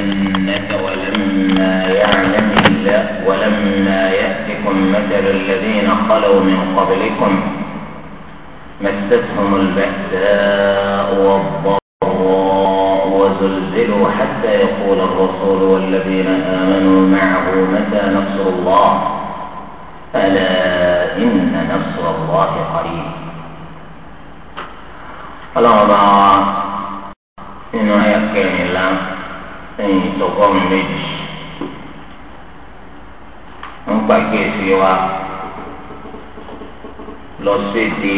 ليحسبنك ولما يعلم الله ولما يأتكم مثل الذين خلوا من قبلكم مستهم البأساء والضراء وزلزلوا حتى يقول الرسول والذين آمنوا معه متى نصر الله ألا إن نصر الله قريب الله nínú ayé الله lẹ́yìn ìtọ́gọ́rùn méjì ń pàkíyèsí wa lọ séde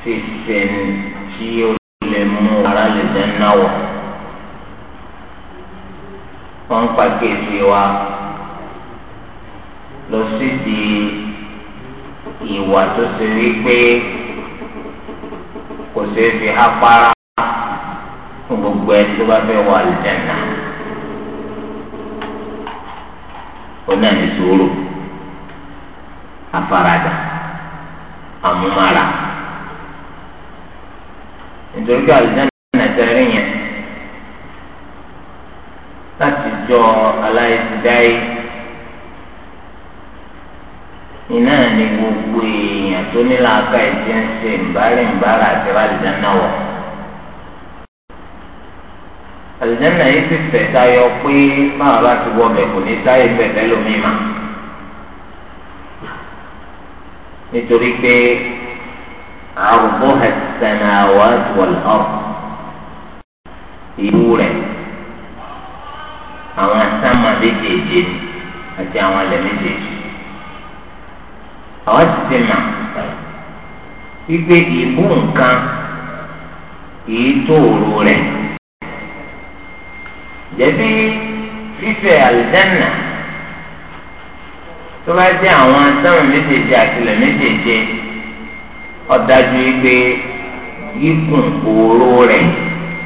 fífẹ́ tí ó lè mú ara lè dẹ́ náwọ̀ wọ́n ń pàkíyèsí wa lọ séde ìwà tó ṣe wípé kò ṣeé fi há para fún gbogbo ẹni tó bá fẹ́ wọ àlùjáná ó náà ní sùúrù àfaradà àmúmára nítorí pé àlùjáná tẹ̀rí yẹn láti jọ aláìsídáyé iná ni gbogbo èèyàn tó ní làákà ẹ̀jẹ̀ ń ṣe ìbárẹ̀ ìbára àti àlùjáná wọ̀ àlùjáná yìí ti fẹ̀ tayọ pé báwa bá ti wọ ọbẹ̀ kò ní táyé fẹ̀fẹ́ lómi mà nítorí pé àrùbọ̀ ẹ̀sẹ̀nà wà wọ̀lẹ̀ ọ̀ ìlú rẹ̀ àwọn asámà méjèèjì àti àwọn alẹ̀ méjèèjì àwọn ti ti mà wípé ìbú nǹkan kì rẹ̀ jẹbi fífẹ̀ àlùjánnà tó bá jẹ́ àwọn sẹ́wọ̀n méjèèjì àtìlẹ̀ méjèèjì ọ̀dájú igbe yíkùn òró rẹ̀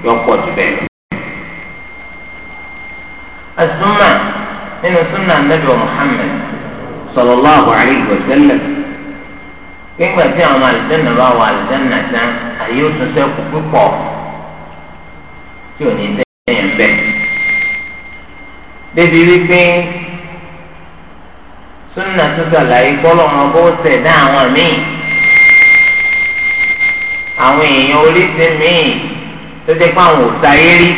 yọpọ̀ jù bẹ́ẹ̀ lọ. asúnmà nínú súnà nàbẹ̀ Muhammad sallallahu alaihi wa sallam nígbà tí àwọn àlùjánnà bá wà àlùjánnà tán àyè ó tún sẹ́kù tí ò ní tẹ́yẹ̀ bẹ́ẹ̀ débi wípé súnà tó sàlàyé kọ́lọ̀ wọn bó tẹ̀ dá àwọn míì àwọn èèyàn oríṣi míì tó jẹ́ pé àwọn ò sáyé rí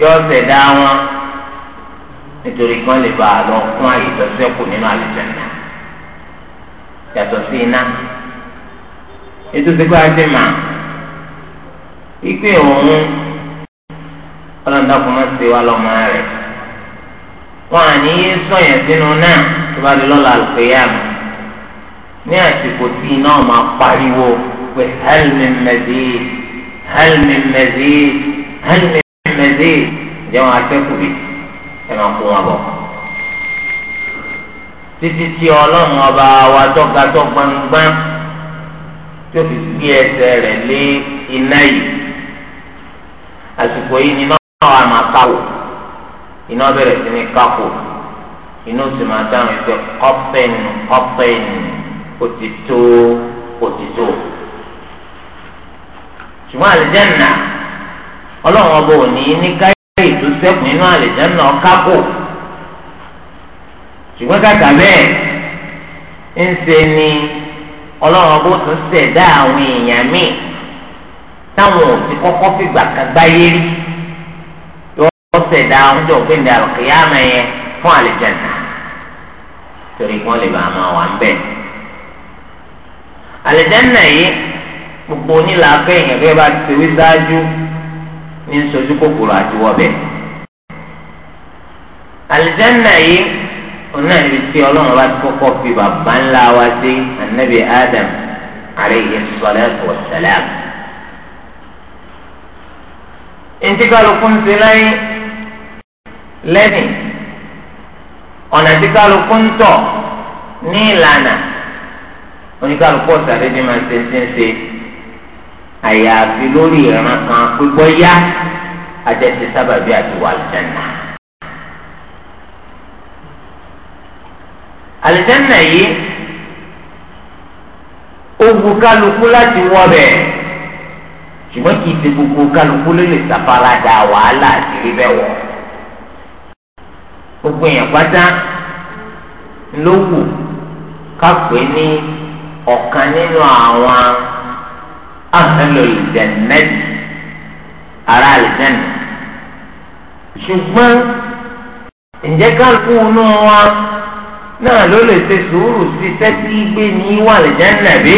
yọ ṣẹ̀dá wọn nítorí kí wọ́n lè bá a lọ fún àyè ìtọ́sẹ́kù nínú àlùjànnà yàtọ̀ sí iná ètò ìsìnkú àti mà ìpè òun ọlọ́run dàpọ̀ máa ń ṣe wá lọ́mọ rẹ̀ wọn à ní yé sọ̀yẹ̀ sínú náà tó bá di lọ́la àlùfẹ́yàmù ní àsìkò tí iná máa pariwo pé hẹ́lmi mẹ́zìd hẹ́lmi mẹ́zìd hẹ́lmi mẹ́zìd jẹun akẹ́kọ̀ọ́ ẹ máa kó wọn bọ̀ títí tí ọlọ́run ọba wa tọ́ka tó gbangban tó fi gbé ẹsẹ̀ rẹ̀ lé iná yìí àsìkò yìí ni iná táwọn àmà káwò iná bẹ̀rẹ̀ sí ní otu iná sì máa dáhùn ẹgbẹ́ kọ́pẹ́ẹ̀nù kọ́pẹ́ẹ̀nù òtítọ́ òtítọ́ ṣùgbọ́n àlìjẹ́nà ọlọ́run ọba ò ní káyọ̀ ètò sẹ́kùn inú àlìjẹ́nà kákò ṣùgbọ́n kàkà bẹ́ẹ̀ ń ṣe ni ọlọ́run ọba ó ṣẹ̀dá àwọn èèyàn míì táwọn ò ti kọ́kọ́ fìgbà kan gbáyé rí. wọ́n ṣẹ̀dá wọn jọ pé ní alùkìyàmẹ́ yẹn fún àlìjẹ̀nà torí kí wọ́n lè bá a máa wà ń bẹ̀. àlìjẹ̀nà yìí gbogbo onílàákẹ́ yẹn gẹ́gẹ́ bá ti ṣe wí sáájú ní sojú kòkòrò àti wọ́bẹ̀. àlìjẹ̀nà yìí oná ibi ọlọ́run bá ti kọ́kọ́ fi bàbá ńlá wa sí anabi adam aleyhi salatu wa salam. intikalokunse lẹ́yìn lẹ́nì ọ̀nà tí kálukú ń tọ̀ ní ìlànà oníkálukú ọ̀sàdé ni máa ṣe ṣe ń ṣe àyàfi lórí ìran kan pípọ́ yá àjẹsí sábàbí àti wàlùjẹ́nà. àlùjẹ́nà yìí ó wu kálukú láti wọ bẹ́ẹ̀ ṣùgbọ́n kì í ṣe gbogbo kálukú ló lè ṣàfaradà wàhálà àti rí wọ̀ gbogbo èèyàn pátá ló wù kápẹ́ ní ọ̀kan nínú àwọn ahẹ́lò ìdẹ̀nẹ́tì ará ìdẹ́nì ṣùgbọ́n ǹjẹ́ kálukú inú wa náà ló lè ṣe sùúrù sí tẹ́tí gbé ní wà lìjánà bí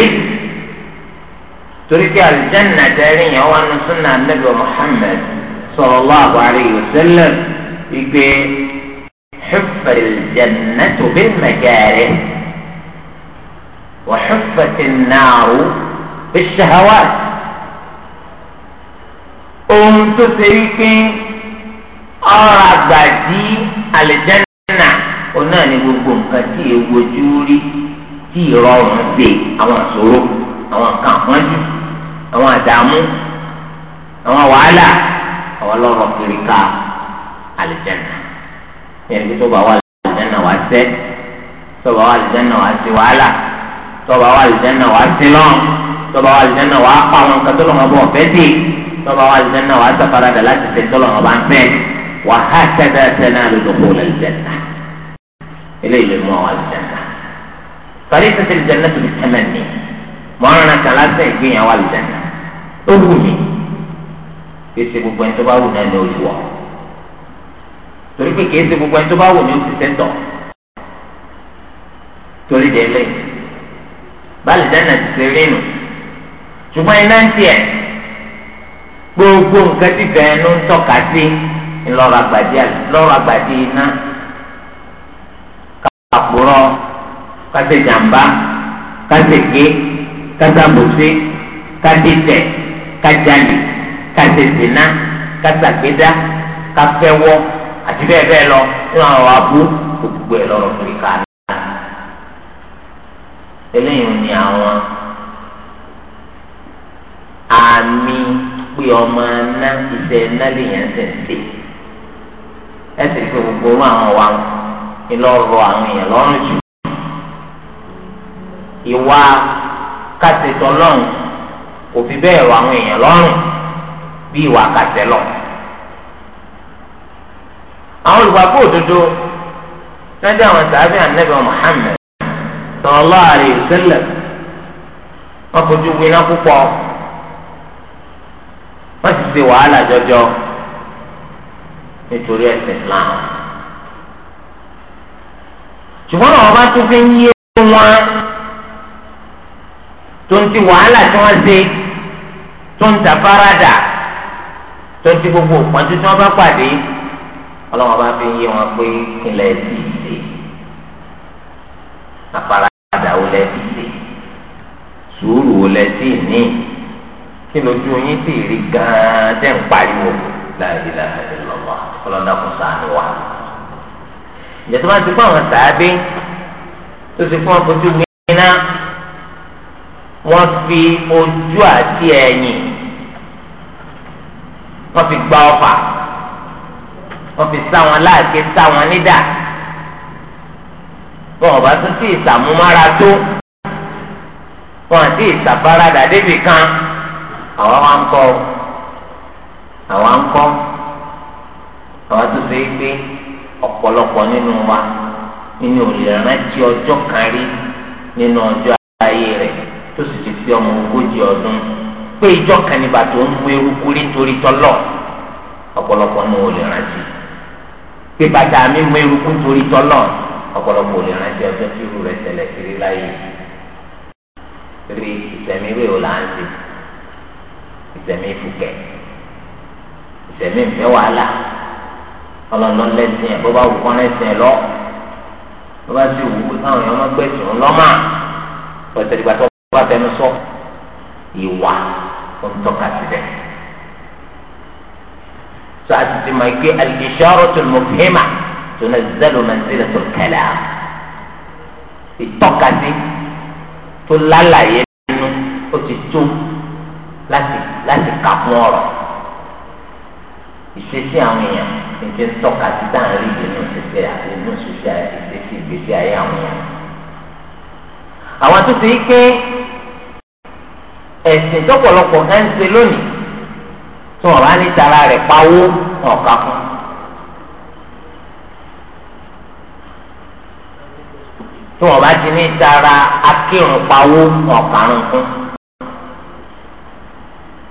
torí pé àlìjánà tẹ́rì yẹn wà ní sunnah Nabi Muhammad sallallahu alaihi wasallam ìgbé. حفر الجنة بالمكاره وحفت النار بالشهوات أنت تريك أرادتي الجنة قلنا نقول قم فتي وجولي تي روح بي أما سروق أما كامل أما دامو أما وعلا أما الله ركا الجنة yẹn ti tó bá wà lùdánà wá sẹ́ tó bá wà lùdánà wá sí wàhálà tó bá wà lùdánà wá sí lọ́n tó bá wà lùdánà wá pa àwọn kan tó lọ́mọ bọ̀ fẹ́ dé tó bá wà lùdánà wá sàfaradà láti fẹ́ tó lọ́mọ bá ń fẹ́ wàhálà kẹ́tà sẹ́nà lùdókòó lùdánà eléyìí lè mú àwọn àlùdánà فليست الجنة بالتمني مرانا ثلاثة يجين والجنة أبوني يسيبوا بنتباو نانو الوقت torí pé kìí ṣe gbogbo ẹni tó bá wò ní oṣù sẹ́ńtọ̀ torí délé báàlì dáná ti ṣe rí nù ṣùgbọ́n iná ń tiẹ̀ gbogbo nǹkan ti fẹ́ ẹnu ń tọ́ka sí ńlọ́rọ̀ àgbàdì iná kàpùrọ̀ kásẹ̀ jàmbá kásẹ̀ ké kásàbòsí kádìtẹ̀ kájàlì kásẹ̀ sínà kásàgbédá káfẹ́wọ́ àti bẹ́ẹ̀ bẹ́ẹ̀ lọ nínú àwọn abú gbogbo ẹ̀ lọ́rọ̀ pé ká ní. eléyìí ni àwọn àmì pé ọmọ ná iṣẹ́ ná lèèyàn ṣe ń ẹ sì fi gbogbo orú àwọn wa ni lọ́rọ̀ àwọn èèyàn lọ́rùn jù ìwà kásìtọ́ lọ́rùn kò fi bẹ́ẹ̀ rọ àwọn èèyàn lọ́rùn bí ìwà kásẹ̀ lọ́rùn àwọn olùgbàgbọ́ òdodo lọ́jọ́ àwọn sàbí ànábì Muhammad sallallahu alaihi wasallam wọ́n fojú winá púpọ̀ wọ́n sì ṣe wàhálà jọjọ nítorí ẹ̀sìn Islam ṣùgbọ́n àwọn bá tún fi ń yé wọn tó ń ti wàhálà tí wọ́n ṣe tó ń ta fáradà tó ń ti gbogbo òpọ́njú tí wọ́n bá pàdé ọlọ́wọ́n bá fi ń yé wọn pé kílẹ̀ ti ṣe àfaradà wo lẹ ti ṣe sùúrù wo lẹ ti ní kí lójú yín sì rí gan-an tẹ́ ń pariwo láàrin láàrin lọ́wọ́ ọlọ́dà kò sáánù wa. ìjọba máa ti kó àwọn sàábé tó ti kó wọn fojú gbiná wọ́n fi ojú àti ẹ̀yìn wọ́n fi gba ọfà wọ́n fi sá wọn láàké sá wọn nídà wọn ò bá tún sí ìsàmúmára tó wọn àti ìsàfaradà débì kan àwa wa ń kọ́ àwa ń kọ́ àwa tó ṣe é pé ọ̀pọ̀lọpọ̀ nínú wa nínú òlè rántí ọjọ́ kan rí nínú ọjọ́ ayé rẹ̀ tó sì ti fi ọmọ ogójì ọdún pé ìjọ kan ní bàtà ó ń mú eruku nítorí tọ́lọ̀ ọ̀pọ̀lọpọ̀ nínú òlè rántí pé bàtà mi mú eruku torí tọ́lọ̀ ọ̀pọ̀lọpọ̀ lè rántí ọjọ́ tí irú rẹ̀ tẹ̀lẹ̀ kiri láyé rí ìsẹ̀mí ìwé òlà ń sè ìsẹ̀mí ìfúkẹ́ ìsẹ̀mí ìfẹ́ wàhálà ọlọ́nà lẹ́sìn ẹ̀ bó bá wù kọ́ lẹ́sìn ẹ̀ lọ bó bá sì wù káwọn èèyàn máa gbẹ̀sùn lọ́mà pẹ̀tẹ́dìgbà tó bá fẹnu sọ ìwà ó ń tọ́ka síbẹ̀. سعد ما يكي الإشارة المفهمة تنزل منزلة الكلام ìtọ́kasí tó lálàyé لا ó ti tó láti láti kà fún ọ̀rọ̀ ìṣesí àwọn èèyàn níbi ń tọ́kasí dáhùn rí nínú ṣẹṣẹ àti nínú ṣẹṣẹ ìṣesí ìgbésí ayé àwọn èèyàn. àwọn tó ti ké ẹ̀sìn tọ́pọ̀lọpọ̀ ń ṣe lónìí tí wọn bá ní tara rẹ̀ pawó wọn kà fún. tí wọn bá ti ní tara akírun pawó wọn kàrún fún.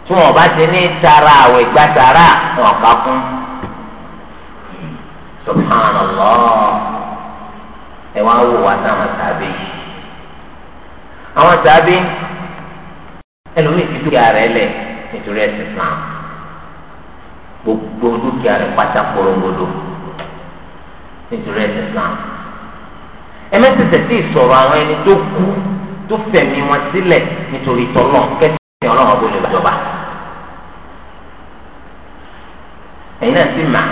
tí wọn bá ti ní tara àwẹ̀ gba tara wọn subhanallah ẹ wá wò wá sáwọn tàbí àwọn tàbí ẹlòmíì fi dúkìá rẹ̀ lẹ̀ nítorí ẹsìn Islam gbogbo dúkìá rẹ̀ pátá korongodo nítorí ẹsẹ islam ẹmẹsẹsẹ sì sọ̀rọ̀ àwọn ẹni tó kú tó fẹ̀mí wọn sílẹ̀ nítorí tọlọ kẹsì Ọlọ́run ọbọ lè jọba ẹ̀yin náà sì mà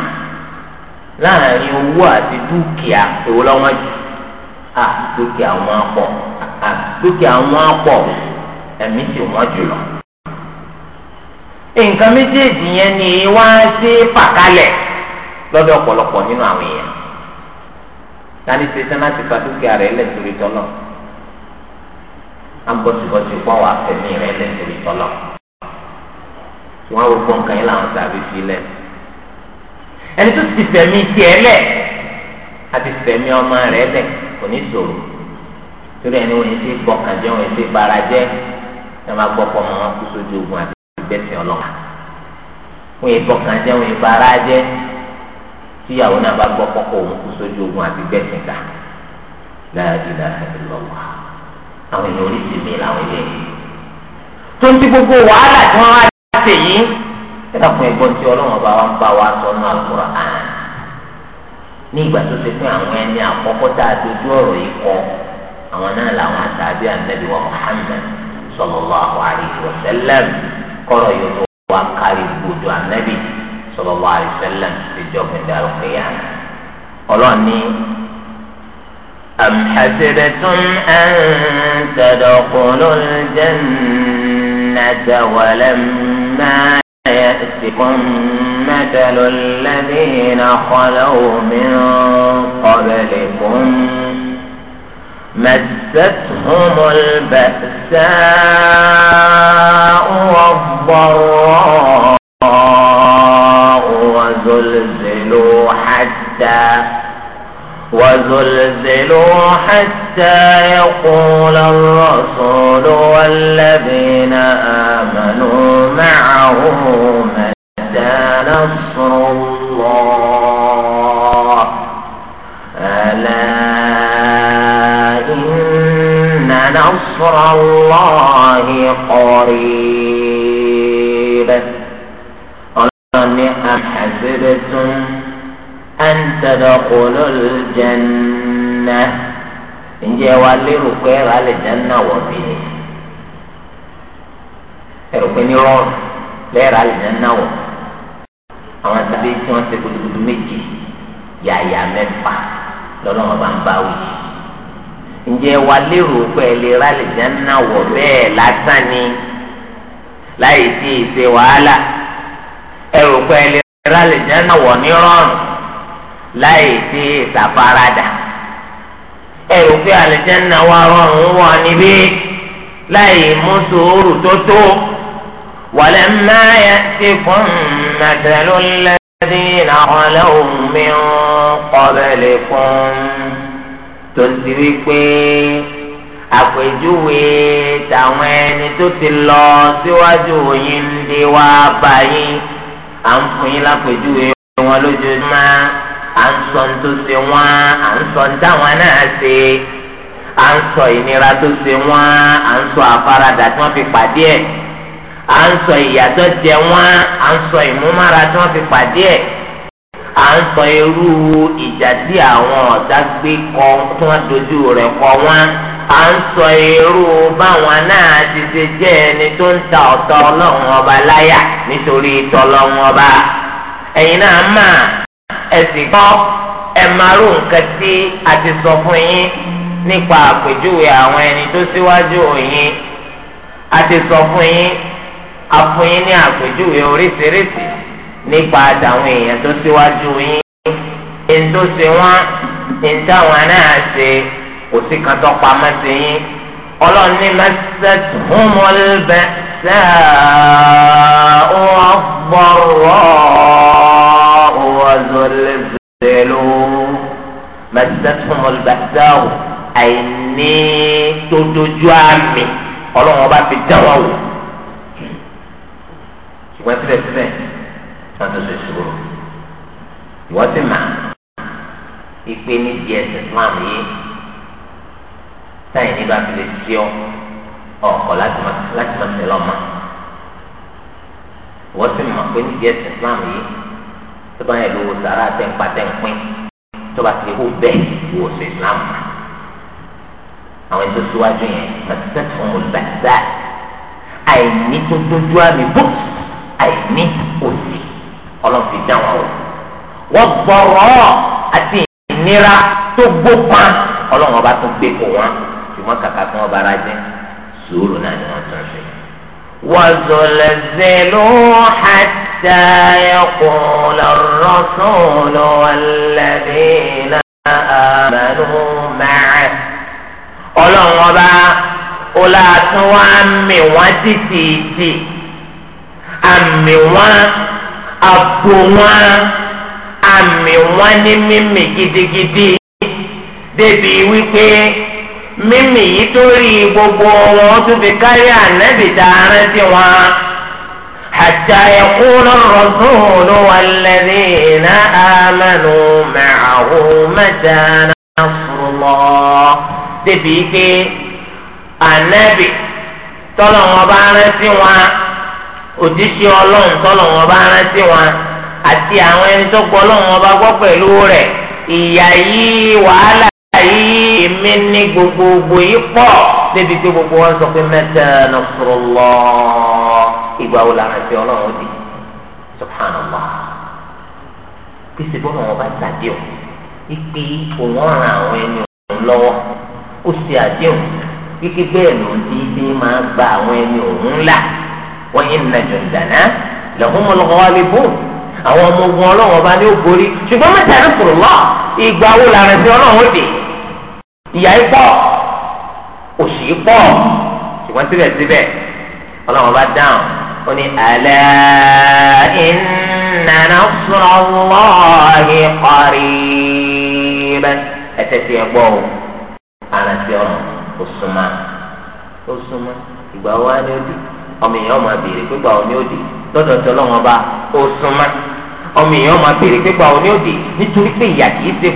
láàrin owó àti dúkìá èwo lọ́wọ́ jù à dúkìá wọn pọ̀ à dúkìá wọn pọ̀ ẹ̀mí sì wọ́n jù lọ nǹkan méjèèjì yẹn ni wá sí fàkálẹ̀ lọ́dọ̀ ọ̀pọ̀lọpọ̀ nínú àwọn èèyàn tani ṣe tán láti fa dúkìá rẹ̀ lẹ́tòrí tọ́lọ̀ àbọ̀tìbọ̀tì pọ̀ wà fẹ̀mí rẹ̀ lẹ́tòrí tọ́lọ̀ tí wọ́n wọ gbọ̀ǹkan yín làwọn tàbí fi lẹ̀ ẹni tó ti fẹ̀mí tiẹ̀ lẹ̀ àti fẹ̀mí ọmọ rẹ̀ lẹ̀ kò ní sọ̀rọ̀ torí ẹni wọ́n ti bọ̀kànjẹ́ wọ́n ti barajẹ́ ẹ máa gbọ́ mọ́ wọn kú sójú ogun àti gbẹ́sìn ọlọ́run wọ́n yẹ bọ́kàn jẹ́ wọ́n yẹ bara jẹ́ tíyàwó náà bá gbọ́ kọ́kọ́ òun kú sójú ogun àti gbẹ́sìn ká láàbí láàbí lọ́wọ́ àwọn èèyàn oríṣi mi làwọn eléyìí tó ń ti gbogbo wàhálà tí wọ́n wá ṣe yìí ẹ̀dá fún ẹ̀gbọ́n tí ọlọ́run ọba wa ń bá wa sọ náà lọ́ra àná ní ìgbà tó ṣe fún àwọn ẹni àkọ́kọ́ tá a dojú ọ̀rọ̀ yìí kọ àwọn náà làwọn àtàbí ànábì wa Muhammad sallallahu alaihi wasallam kọ́rọ̀ yóò tó wá kárí gbòdò ànábì sallallahu alaihi wasallam ìjọba ìdàrú kéèyàn ọlọ́run ní. أم حسبتم أن تدخلوا الجنة ولما يأتكم مثل الذين خلوا من قبلكم مس مستهم البأساء والضراء وزلزلوا حتى وزلزلوا حتى يقول الرسول والذين آمنوا معه متى نصر الله نصر الله قريب قال أحسبتم أن تدخلوا الجنة ǹjẹ́ wa lérò pé ẹ̀rọ àlìjáná wọ̀ bí ni ẹ̀rọ pé ní rọrùn lẹ́ẹ̀rọ àlìjáná wọ̀ àwọn àtàbí tí wọ́n ṣe gudugudu méjì yàyà mẹ́fà lọ́lọ́wọ́ bá ń bá wí yìí ǹjẹ́ wa lérò pé ẹ lè ra lè jẹ́nà wọ̀ bẹ́ẹ̀ lásán ni láì sí ìṣe wàhálà ẹ rò pé ẹ lè ra lè jẹ́nà wọ̀ ní rọrùn láì sí ìṣàfaradà ẹ rò pé àlìjẹ́nà wa rọrùn wọ̀ níbí láì mú sùúrù tó tó wàlẹ́ máa ti fún màdàlú lẹ́sìn àkọlẹ́ òun ń kọ́ fún un tó ń ti wí pé àpèjúwe tàwọn ẹni tó ti lọ síwájú yín ń di wá báyìí à ń fún yín lápèjúwe wọn lójoojúmọ́ à ń sọ ní tó ṣe wọn à ń sọ ní táwọn náà ṣe à ń sọ ìnira tó ṣe wọn à ń sọ àfaradà tí wọ́n fi pàdé ẹ̀ à ń sọ ìyàtọ̀ jẹ wọn à ń sọ ìmúmára tí wọ́n fi pàdé ẹ̀ à ń sọ irú ìjà tí àwọn ọ̀tá gbé kọ tí wọ́n dojú rẹ̀ kọ wọ́n à ń sọ irú báwọn náà ti ṣe jẹ́ ẹni tó ń ta ọ̀tọ̀ ọlọ́run ọba láyà nítorí tọlọ́run ọba ẹ̀yin náà mà ẹ̀sìn kọ́ ẹ̀ máa rò nǹkan tí a ti sọ fún yín nípa àpèjúwe àwọn ẹni tó síwájú òyìn a ti sọ fún yín a fún yín ní àpèjúwe oríṣiríṣi nípa àtàwọn èèyàn tó síwájú yín ẹni tó ṣe wọn ẹni táwọn náà ṣe kò sí kan tó pamọ́ sí yín ọlọ́run ní mẹ́sẹ̀tì húnmọ́lẹ́bẹ̀ sáà wọ́n gbọ́rọ̀ wọ́zọ̀lẹ́bẹ̀lú mẹ́sẹ̀tì húnmọ́lẹ́bẹ̀ sáà àìní tó dojú àmì ọlọ́run ọba fi dá wò ṣùgbọ́n wọn tún ṣe sùúrù ìwọ sì mà ìpè ní di Islam yìí táyì ní bá fi lè ṣí ọ ọkọ láti má ṣe lọ́mọ ìwọ sì mà pé ní di Islam yìí tó bá yẹ lówó sàrà àtẹnpá tẹnpín tó bá ti hó bẹ́ẹ̀ ìwọ sọ Islam àwọn ètò síwájú yẹn màtítẹ́tì fún olùbàdàn àìní tó dójú àmì bùkù àìní òsì ọlọ́run fi dá wọn o wọ́n gbọ́rọ̀ àti ìnira tó gbópa ọlọ́run ọba tún gbé kó wọn ṣùgbọ́n kàkà tí wọ́n bára jẹ́ sùúrù náà ni wọ́n tún ṣe. وزلزلوا حتى يقول الرسول والذين آمنوا معه ọlọ́run ọba ó láàtún wá mi wá títí àbò wọn àmì wọn ní mímì gidigidi débi wípé mímì yìí tó rí gbogbo wọn tó fi kárí ànábì tá a rántí wọn. حتى يقول الرسول والذين آمنوا معه متى نصر الله débi ike ànábì tọ́lọ̀ wọn bá rántí wọn òjíṣẹ́ ọlọ́run tọ́lọ̀ wọn bá rántí wọn àti àwọn ẹni tó gbọ́ ọlọ́run wọn bá gbọ́ pẹ̀lú rẹ̀ ìyà yìí wàhálà yìí èmi ní gbogbogbò yìí pọ̀ débi pé gbogbo wọn sọ pé mẹ́ta nasrullah ìgbà wo làwọn ẹ̀sìn ọlọ́run di subhanallah bí sèbọ́n wọn bá tàdé o ipe òun ọ̀ràn àwọn ẹni òun lọ́wọ́ ó ṣe àdéhùn kíkí bẹ́ẹ̀ lòun ti ṣe máa gba àwọn ẹni òun ńlá wa inna jundana lahumul ghalibun àwọn ọmọ ogun ọlọ́wọ́n bá ní ó borí ṣùgbọ́n mẹ́ta ní kùrùlọ́ ìgbà wo làrá sí ọlọ́wọ́n òde ìyá ipọ̀ òṣì ipọ̀ ṣùgbọ́n síbẹ̀síbẹ̀ ọlọ́wọ́n bá dáhùn ó ní ala inna nasrallahi qarib ẹ̀tẹ̀ tí ẹ gbọ́ o àrà sí ọ̀run ó súnmọ́ ó súnmọ́ ìgbà wo á ní ó dì í. ọmọ èèyàn máa béèrè pípa òní òdì lọ́dọ̀ tí ọlọ́run ọba ó súnmá ọmọ èèyàn máa béèrè pípa òní òdì nítorí pé ìyà kìí ṣe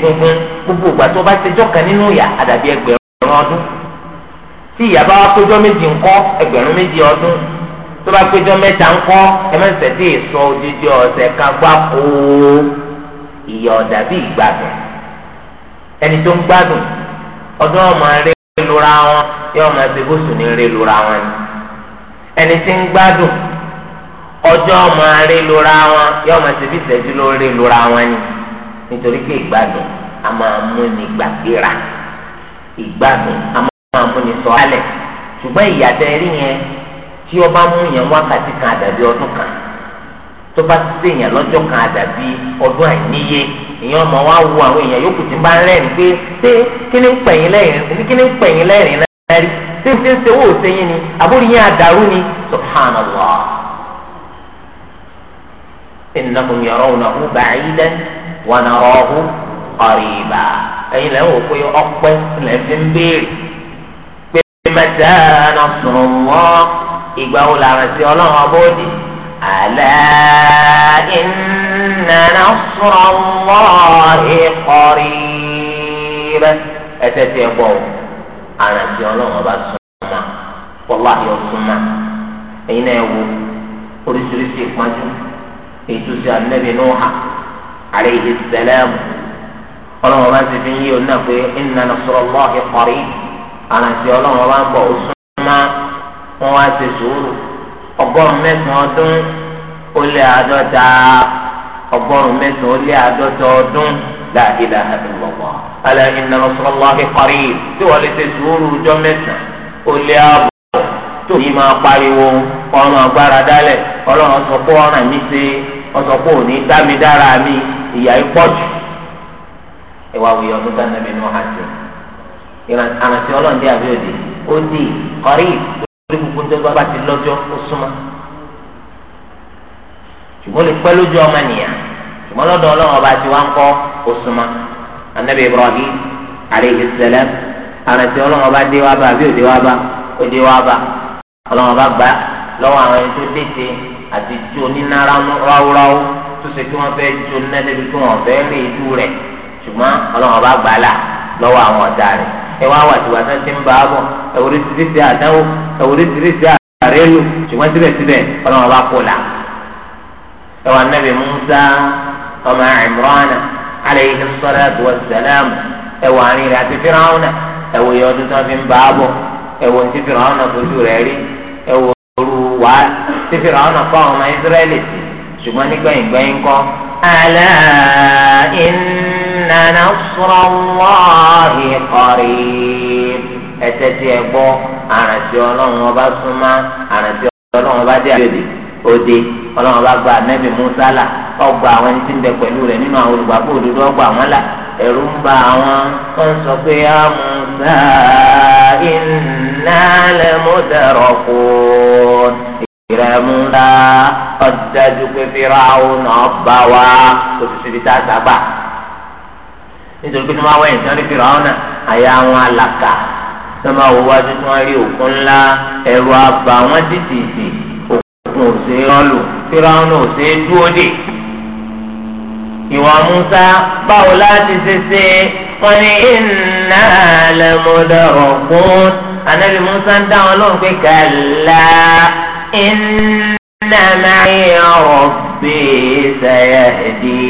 gbogbo ìgbà tó bá ṣe jọ́ka nínú ìyà àdàbí ẹgbẹ̀rún ọdún tí ìyà bá wá méjì ńkọ́ ẹgbẹ̀rún méjì ọdún tó bá mẹ́ta ńkọ́ ẹni tó ń gbádùn ẹni tí ń gbádùn ọjọ́ máa wọn ya máa ṣe bí ìṣẹ́jú ló wọn ni nítorí pé ìgbádùn a máa mú ni gbàgbéra ìgbádùn a máa mú ni sọ alẹ̀ ṣùgbọ́n ìyàtẹ̀ rí yẹn tí ó bá mú yẹn wákàtí kan àdàbí ọdún kan tó ti sèyàn lọ́jọ́ kan àdàbí ọdún àìníye èèyàn ọmọ wa wo àwọn èèyàn yòókù tí ń bá pé ẹ̀rí tí ń ṣe ń ṣe owó òsèyìn ni àbúrò yẹn àdàrú ni subhanallah. innahum yarawnahu ba'idan wa narahu qariba ẹ̀yin lẹ́yìn òkú yẹn ọpẹ́ lẹ́fí ń béèrè pé mata nasrullah ìgbà wo làwọn ti ọlọ́run abóde ala inna nasrallahi qarib ẹ̀sẹ̀ tiẹ̀ bọ̀ wọ́n àràǹtí ọlọ́run ọba súnmọ́ wọ́lá yọ súnmọ́ ẹ̀yin náà wo oríṣiríṣi ìpọ́njú ètò sí anábì Nuha alayhi salam ọlọ́run ọba ti fi ń yí òun náà pé inna nasrallahi qarib àràǹtí ọlọ́run ọba ń bọ̀ ó súnmọ́ wọn wá ṣe sùúrù ọgọ́rùn mẹ́sàn-án ọdún ó lé àádọ́ta ọgọ́rùn mẹ́sàn-án ó lé àádọ́ta ọdún la ilaha illallah ala inna nasrallahi qarib tí wọ́n lè ṣe sùúrù ọjọ́ mẹ́ta ó lé ààbọ̀ tó yìí máa pariwo ọ̀run agbára dálẹ̀ ọlọ́run sọ pé ọ̀ràn mi ṣe ọ̀sọ̀ pé òní dá mi dára mi ìyá ìpọ̀jù ẹ wá wuyọ̀ dáná mi ní ọ̀hán ìrántí ọlọ́run dé àbí òde ó di kọ́rí lórí gbogbo tó bá ti lọ́jọ́ ó súnmọ́ ṣùgbọ́n lè pẹ́ lójú ọmọ nìyà ṣùgbọ́n lọ́dọ̀ ọlọ́run ọba ti wá ń kọ́ ó súnmọ́ anabi ibrahim aleyhi salam àrùntí ọlọ́run ọba dé wá bá àbí òde wá bá òde wá bá ọlọ́run ọba gbà lọ́wọ́ àwọn ẹni tó dètè àti jó níná ráúráú tó ṣe kí wọ́n fẹ́ jó níná débi kí wọ́n fẹ́ rí ìlú rẹ̀ ṣùgbọ́n ọlọ́run ọba gbà là lọ́wọ́ àwọn ọ̀tá rẹ̀ ẹ wá wà tí wà tán ti ń bá a bọ̀ ẹ̀wòrí tìrìsì àdáwò ẹ̀wòrí tìrìsì àrẹ́lù ṣùgbọ́n síbẹ̀síbẹ̀ ọlọ́run ọba kò là ẹ̀wà nàbì Musa ọmọ Imran alayhi salatu wa salam ẹ̀wọ̀ àárín rẹ̀ àti fìràwọ̀nà ẹ̀wọ̀ yẹ ọdún tí wọ́n fi ń bá a bọ̀ ẹ̀wọ̀ tí fìràwọ̀nà fojú rẹ̀ rí ẹ̀wọ̀ òru wá tí fìràwọ̀nà kọ́ ọmọ ìsírẹ́lì sí ṣùgbọ́n nígbẹ̀yìngbẹ̀yìn kọ́ ala inna nasrallahi qarib ẹ̀tẹ́ tí ẹ gbọ́ àràǹtí ọlọ́run ọba súnmọ́ àràǹtí ọlọ́run ọba dé àbíòde òde ọlọ́run bá gba anabi musa là ọgbà àwọn ẹni tí ń bẹ pẹ̀lú rẹ̀ nínú àwọn olùgbàgbọ́ òdodo ọgbà àwọn là ẹ̀rù ń ba àwọn ó ń sọ pé ya musa inna lamudrakun ìrẹ̀ musa ọ̀dájú pé Fíráúnà ọba wa kò sì síbi tá a sábà nítorí pé tí wọ́n á wẹ̀yìn tí wọ́n rí àyà àwọn alàkà tí máa wọ wájú tí wọ́n rí òkun ńlá ẹ̀rù àbà wọn títì ìsìn ò ṣe é rán lò fíráhùn ò ṣe é dúró dè ìwà Musa báwo láti ṣe ṣe wọn ni iná lẹmọdọ ọgbọn anabi Musa ń dá wọn lóhùn pé kàlá iná máa ń yọrọ bí sẹyà ẹdí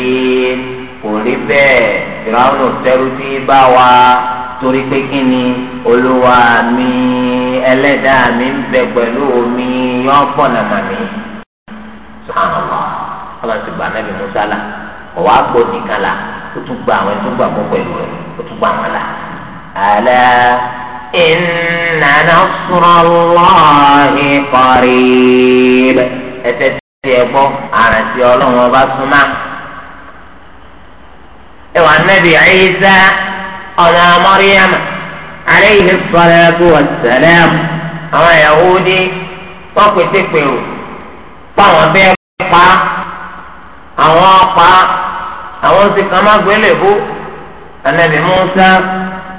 kò rí bẹ́ẹ̀ fíráhùn ò tẹrù sí bá wa torí pé kí ni olúwa mi ẹlẹ́dàá mi ń bẹ pẹ̀lú omi yọ fọ̀nà màmí. sọ́kànlá ọlọ́run ti gba anábì musa la ọ̀wá gbọ́ nìkan la ó tún gba àwọn ẹ̀tún gbà pọ̀ pẹ̀lú rẹ̀ ó tún gba àwọn la. àlẹ́ inna nasrallahi qarib ẹsẹ̀ tí ẹ gbọ́ àrántí ọlọ́run ọba súnmá. ẹ̀wọ̀n anábì Isa ọ̀nà Maryam alayhi salatu wassalam àwọn Yahudi wọ́n pèsè pèrò páwọn bẹ́ẹ̀ pa àwọn pa àwọn sì kàn má gbélé bó anabi Musa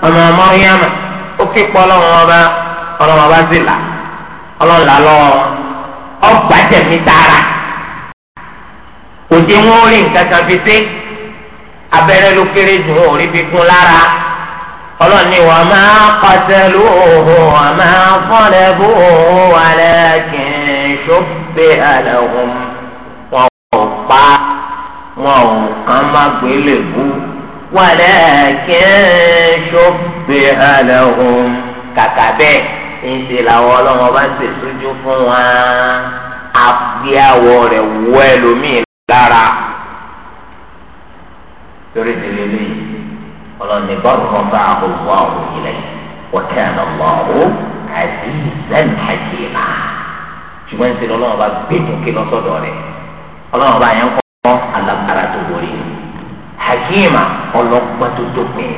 ọmọ Maryam ó ké pọ́ lọ́wọ́ ọba ọlọ́wọ́ ọba sì là ọlọ́la lọ́wọ́ ọgbà tẹ̀mí tààrà kò dé wọn rí nǹkan kan fi sí abẹ́rẹ́ ló kéré jù wọn rí bí gún lára ọlọ́ni wà máa kọ́tẹ́lú wà máa fọ́lẹ́bù wàlẹ́kìn ṣọ́bẹ̀ àdàgùn wọn ò pa wọn ò kàn má gbélé bú wàlẹ́kìn ṣọ́bẹ̀ àdàgùn kàkà bẹ́ẹ̀ ńṣe làwọn ọlọ́wọ́n bá ṣe sójú fún wa àgbéyàwó rẹ̀ wọ́ ẹlòmíì lára torí tẹ̀lé lẹ́yìn ọlọ́run ní bọ́ọ̀rùn bá àbúrò ọ̀hún ilẹ̀ wọ́kẹ́ ànàmọ́ọ̀hún àdìsẹ́n àjìmá ṣùgbọ́n ní sinú ọlọ́run bá gbẹ̀dùn kí lọ́sọ̀dọ̀ rẹ̀ ọlọ́run bá yẹn kọ́ alágbára tó borí àjìmá ọlọ́gbọ́n tó dópin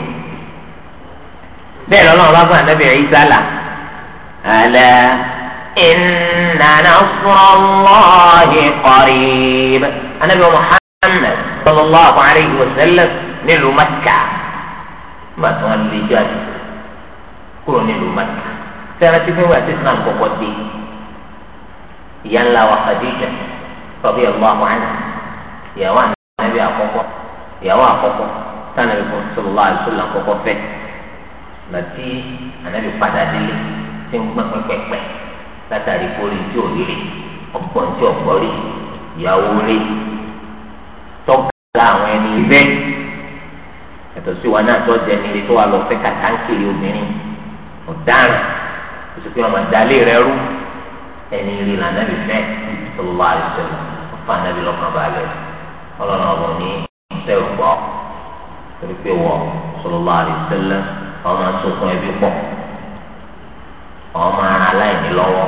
bẹ́ẹ̀ lọ́lọ́run bá fún ànábìrì ìsàlà àlẹ́ إن نصر الله قريب النبي محمد صلى الله عليه وسلم nílùú Mẹ́kà ìgbà tí wọ́n lé jáde kúrò nílùú mẹ́ta fẹ́ràn tí fíwá àti islam kọ̀kọ́ dé ìyá ńlá wa Khadija radiyallahu anha ìyàwó ànábì àkọ́kọ́ ìyàwó àkọ́kọ́ sanabi fún sallallahu alaihi wasallam àkọ́kọ́ fẹ́ láti ànábì padà délé tí ń gbọ́n pẹ́pẹ́pẹ́ látàrí kórè tí ò rí ọgbọ́n tí ọ̀gbọ́n rí ìyàwó rí tọ́ka àwọn ẹni bẹ́ẹ̀ yàtọ̀ sí wa náà tó jẹ nílé tó wà lọ fẹ́ kàtàǹkiri obìnrin ọ̀daràn tó sì pé ọmọ ìdálé rẹ rú ẹni rí là nàbì fẹ́ sọlọ́wọ́ àìsàn ọ̀fà nàbì lọ́kàn balẹ̀ ọlọ́run ọ̀bọ̀ ní ìṣe ìgbọ́ torí pé wọ sọlọ́wọ́ àìsàn ọmọ sọkún ẹbí pọ̀ ọmọ aláìní lọ́wọ́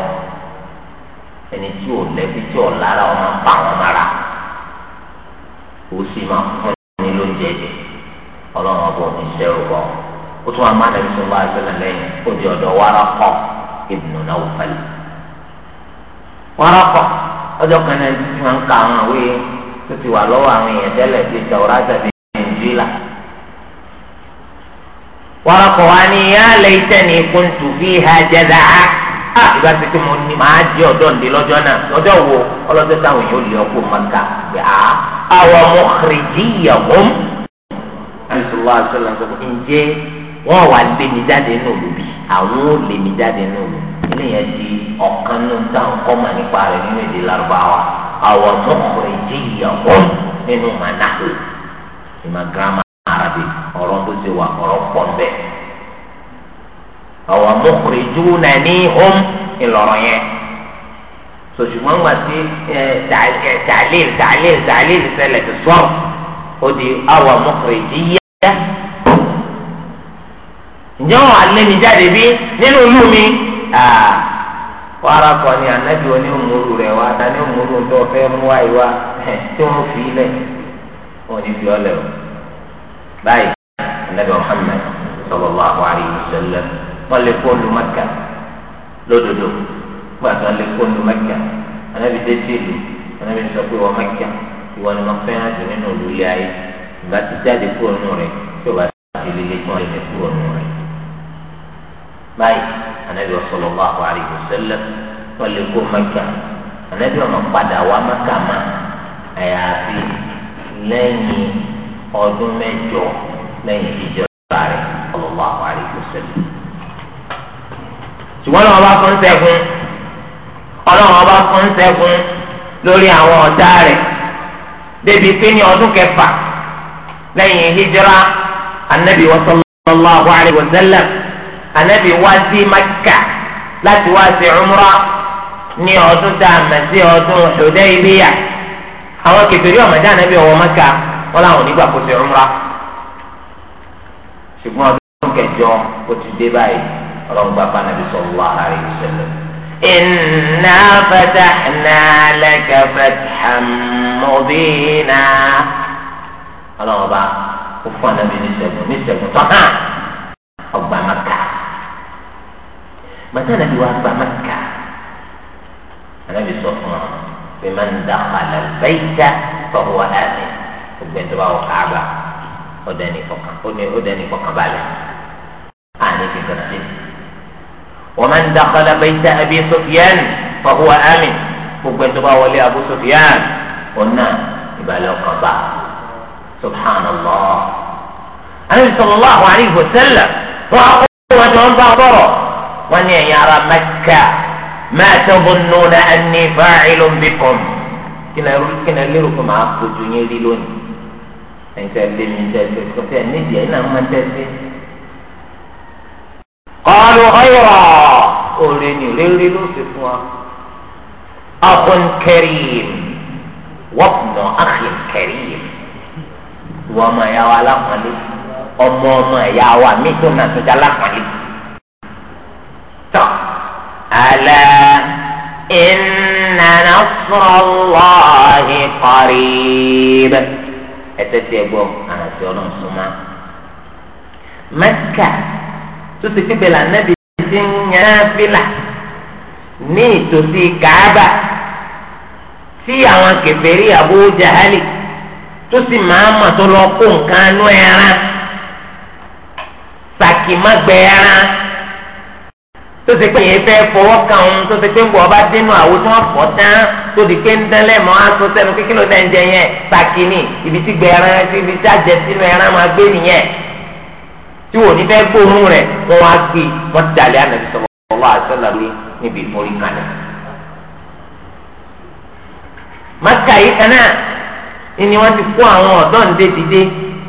ẹni tí ò lẹ́bi tí ò lára ọmọ pa àwọn mara ó sì máa fún ọlọ́run ọbọ̀ ní ìdẹ́rù bọ̀ ó tún àmà nàbí sọlá àṣẹlẹ̀ lẹ́yìn ó di ọ̀dọ̀ Waraqa ibn Nawfal Waraqa ọjọ́ kan náà ti máa ń ka àwọn àwé tó ti wà lọ́wọ́ àwọn èèyàn tẹ́lẹ̀ ti tẹ̀wọ́rá tàbí nàìjíríà Waraqa wa ni yá laytani kuntu fiha jada'a á ìgbà tí mo ní màá jẹ́ ọ̀dọ́ ǹdí lọ́jọ́ náà lọ́jọ́ wo ọlọ́jọ́ táwọn èèyàn ò àbísọ̀lá àṣọlá ń sọ fún ǹjẹ́ wọ́n wà lé mi jáde nù lóbi àwọn ò lé mi jáde nù lóbi eléyẹn di ọ̀kan nù táwọn kọ́mọ̀ nípa rẹ̀ nínú èdè Lárúbáwá àwọn ọmọkùnrin jẹ́ ìyàwó nínú mànáhù ìmọ̀ gírámà àràbì ọ̀rọ̀ tó ti wà ọ̀rọ̀ pọ̀ bẹ́ẹ̀ àwọn ọmọkùnrin jù náà ní hom ìlọrọ yẹn sòṣùgbọ́n wà sí tàlíl tàlíl tàlíl ṣẹlẹ̀ tó sọ̀rọ̀ ó di àwọn ọmọkùnrin jẹ́ dá ǹjẹ́ wọn alẹ́ mi jáde bí nínú ìlú mi wàrà kọ ni anabi wọn ní òmùrù rẹ wa dání òmùrù tó fẹ́ mú wáyé wa tí wọn fi lẹ wọn ní fi ọlẹ o báyìí anabi Muhammad sallallahu alaihi wasallam wọn lè kó lu Mẹ́kà lódodo gbàtà lè kó lu anabi dé sí ìlú anabi sọ pé wọn Mẹ́kà ìwọ ni wọn fẹ́ràn jù nínú olùlé ayé ìgbà tí jáde kúrò nù rẹ̀ tí o bá ti lè lè gbọ́n ilẹ̀ kúrò nù rẹ̀. báyìí anabi sallallahu alaihi wasallam wọn lè kó mẹ́kà anabi ọ̀nà padà wá mẹ́kà má àyàfi lẹ́yìn ọdún mẹ́jọ lẹ́yìn ìjọba rẹ̀ sallallahu alaihi wasallam. ṣùgbọ́n ọba fún sẹ́gun ọlọ́run ọba fún sẹ́gun lórí àwọn ọ̀tá rẹ̀ débi pé ní ọdún kẹfà lẹ́yìn hijira anabi wa sallallahu alayhi wa sallam anabi wá sí makka láti wá sí umra ní ọdún tá a mọ̀ sí ọdún Hudaybiya àwọn kẹfẹ́rí ọ̀mọdé anabi ọwọ́ makka wọn làwọn onígbà kò sí umra ṣùgbọ́n ọdún kẹjọ ó ti dé báyìí ọlọ́run gba bá anabi sallallahu alayhi wa sallam. إنا فتحنا لك فتحا مبينا ọlọ́run bá ó fún ànábì ní sẹ́gun ní sẹ́gun tán hàn ọgbà maka gbàtà ànábì wa gba maka ànábì sọ fún wa pé máa ń dà padà bẹ́ẹ̀ta fọwọ́ àmì ọgbẹ́ni tó bá wọ káàbà ó dẹni fọkàn ó dẹni fọkàn balẹ̀ àní fi kàn sí. wọ́n máa ń dà padà bẹ́ẹ̀ta Abi Sufyan fọwọ́ àmì ọgbẹ́ni tó bá wọlé Abu سبحان الله النبي صلى الله عليه وسلم وأقول وجههم بغضره وأن يرى مكة ما تظنون أني فاعل بكم كنا كنا لكم عقد جنيري لوني ẹ̀yin tẹ́ lé mi tẹ́ ṣe kó tẹ́ nídìí ẹ̀yin náà máa tẹ́ ṣe. kọ́ọ̀lù ọ̀yọ̀ òrè ni rere ló ìwọ ọmọ ẹ̀yà wa lápọ̀nlé ọmọ ọmọ ẹ̀yà wa mí tó nà tó já lápọ̀nlé. tọ́ àlà inna nasrallahi qarib ẹ̀tẹ́ tí ẹ gbọ́ àràtì ọlọ́run súnmọ́. mẹ́kà tó ti fi bẹ̀rẹ̀ ànábì ti ń yẹn fìlà ní ìtòsí kàábà tí àwọn kèfèrí Abu Jahali tó sì máa mà tó lọ kó nǹkan nú ẹran sàkì má gbẹ ẹran tó ṣe pé yẹn fẹ́ fọwọ́ kan òun tó ṣe pé ń bọ̀ ọba dínú àwo tí wọ́n fọ̀ tán tó di pé ń dánlẹ̀ mọ́ aṣọ sẹ́nu kékeré ló dẹ́n jẹ yẹn sàkì ni ibi tí gbẹ ẹran ti ibi tí àjẹ sínú ẹran máa gbé nìyẹn tí wò ní fẹ́ gbóòórùn rẹ̀ wọ́n wá gbé wọ́n ti dàlẹ́ ànàbì sọ̀rọ̀ ọlọ́ àṣọlá lórí níbi ìforí kan náà ni wọ́n ti kó àwọn ọ̀dọ́ ǹdẹ́ dìde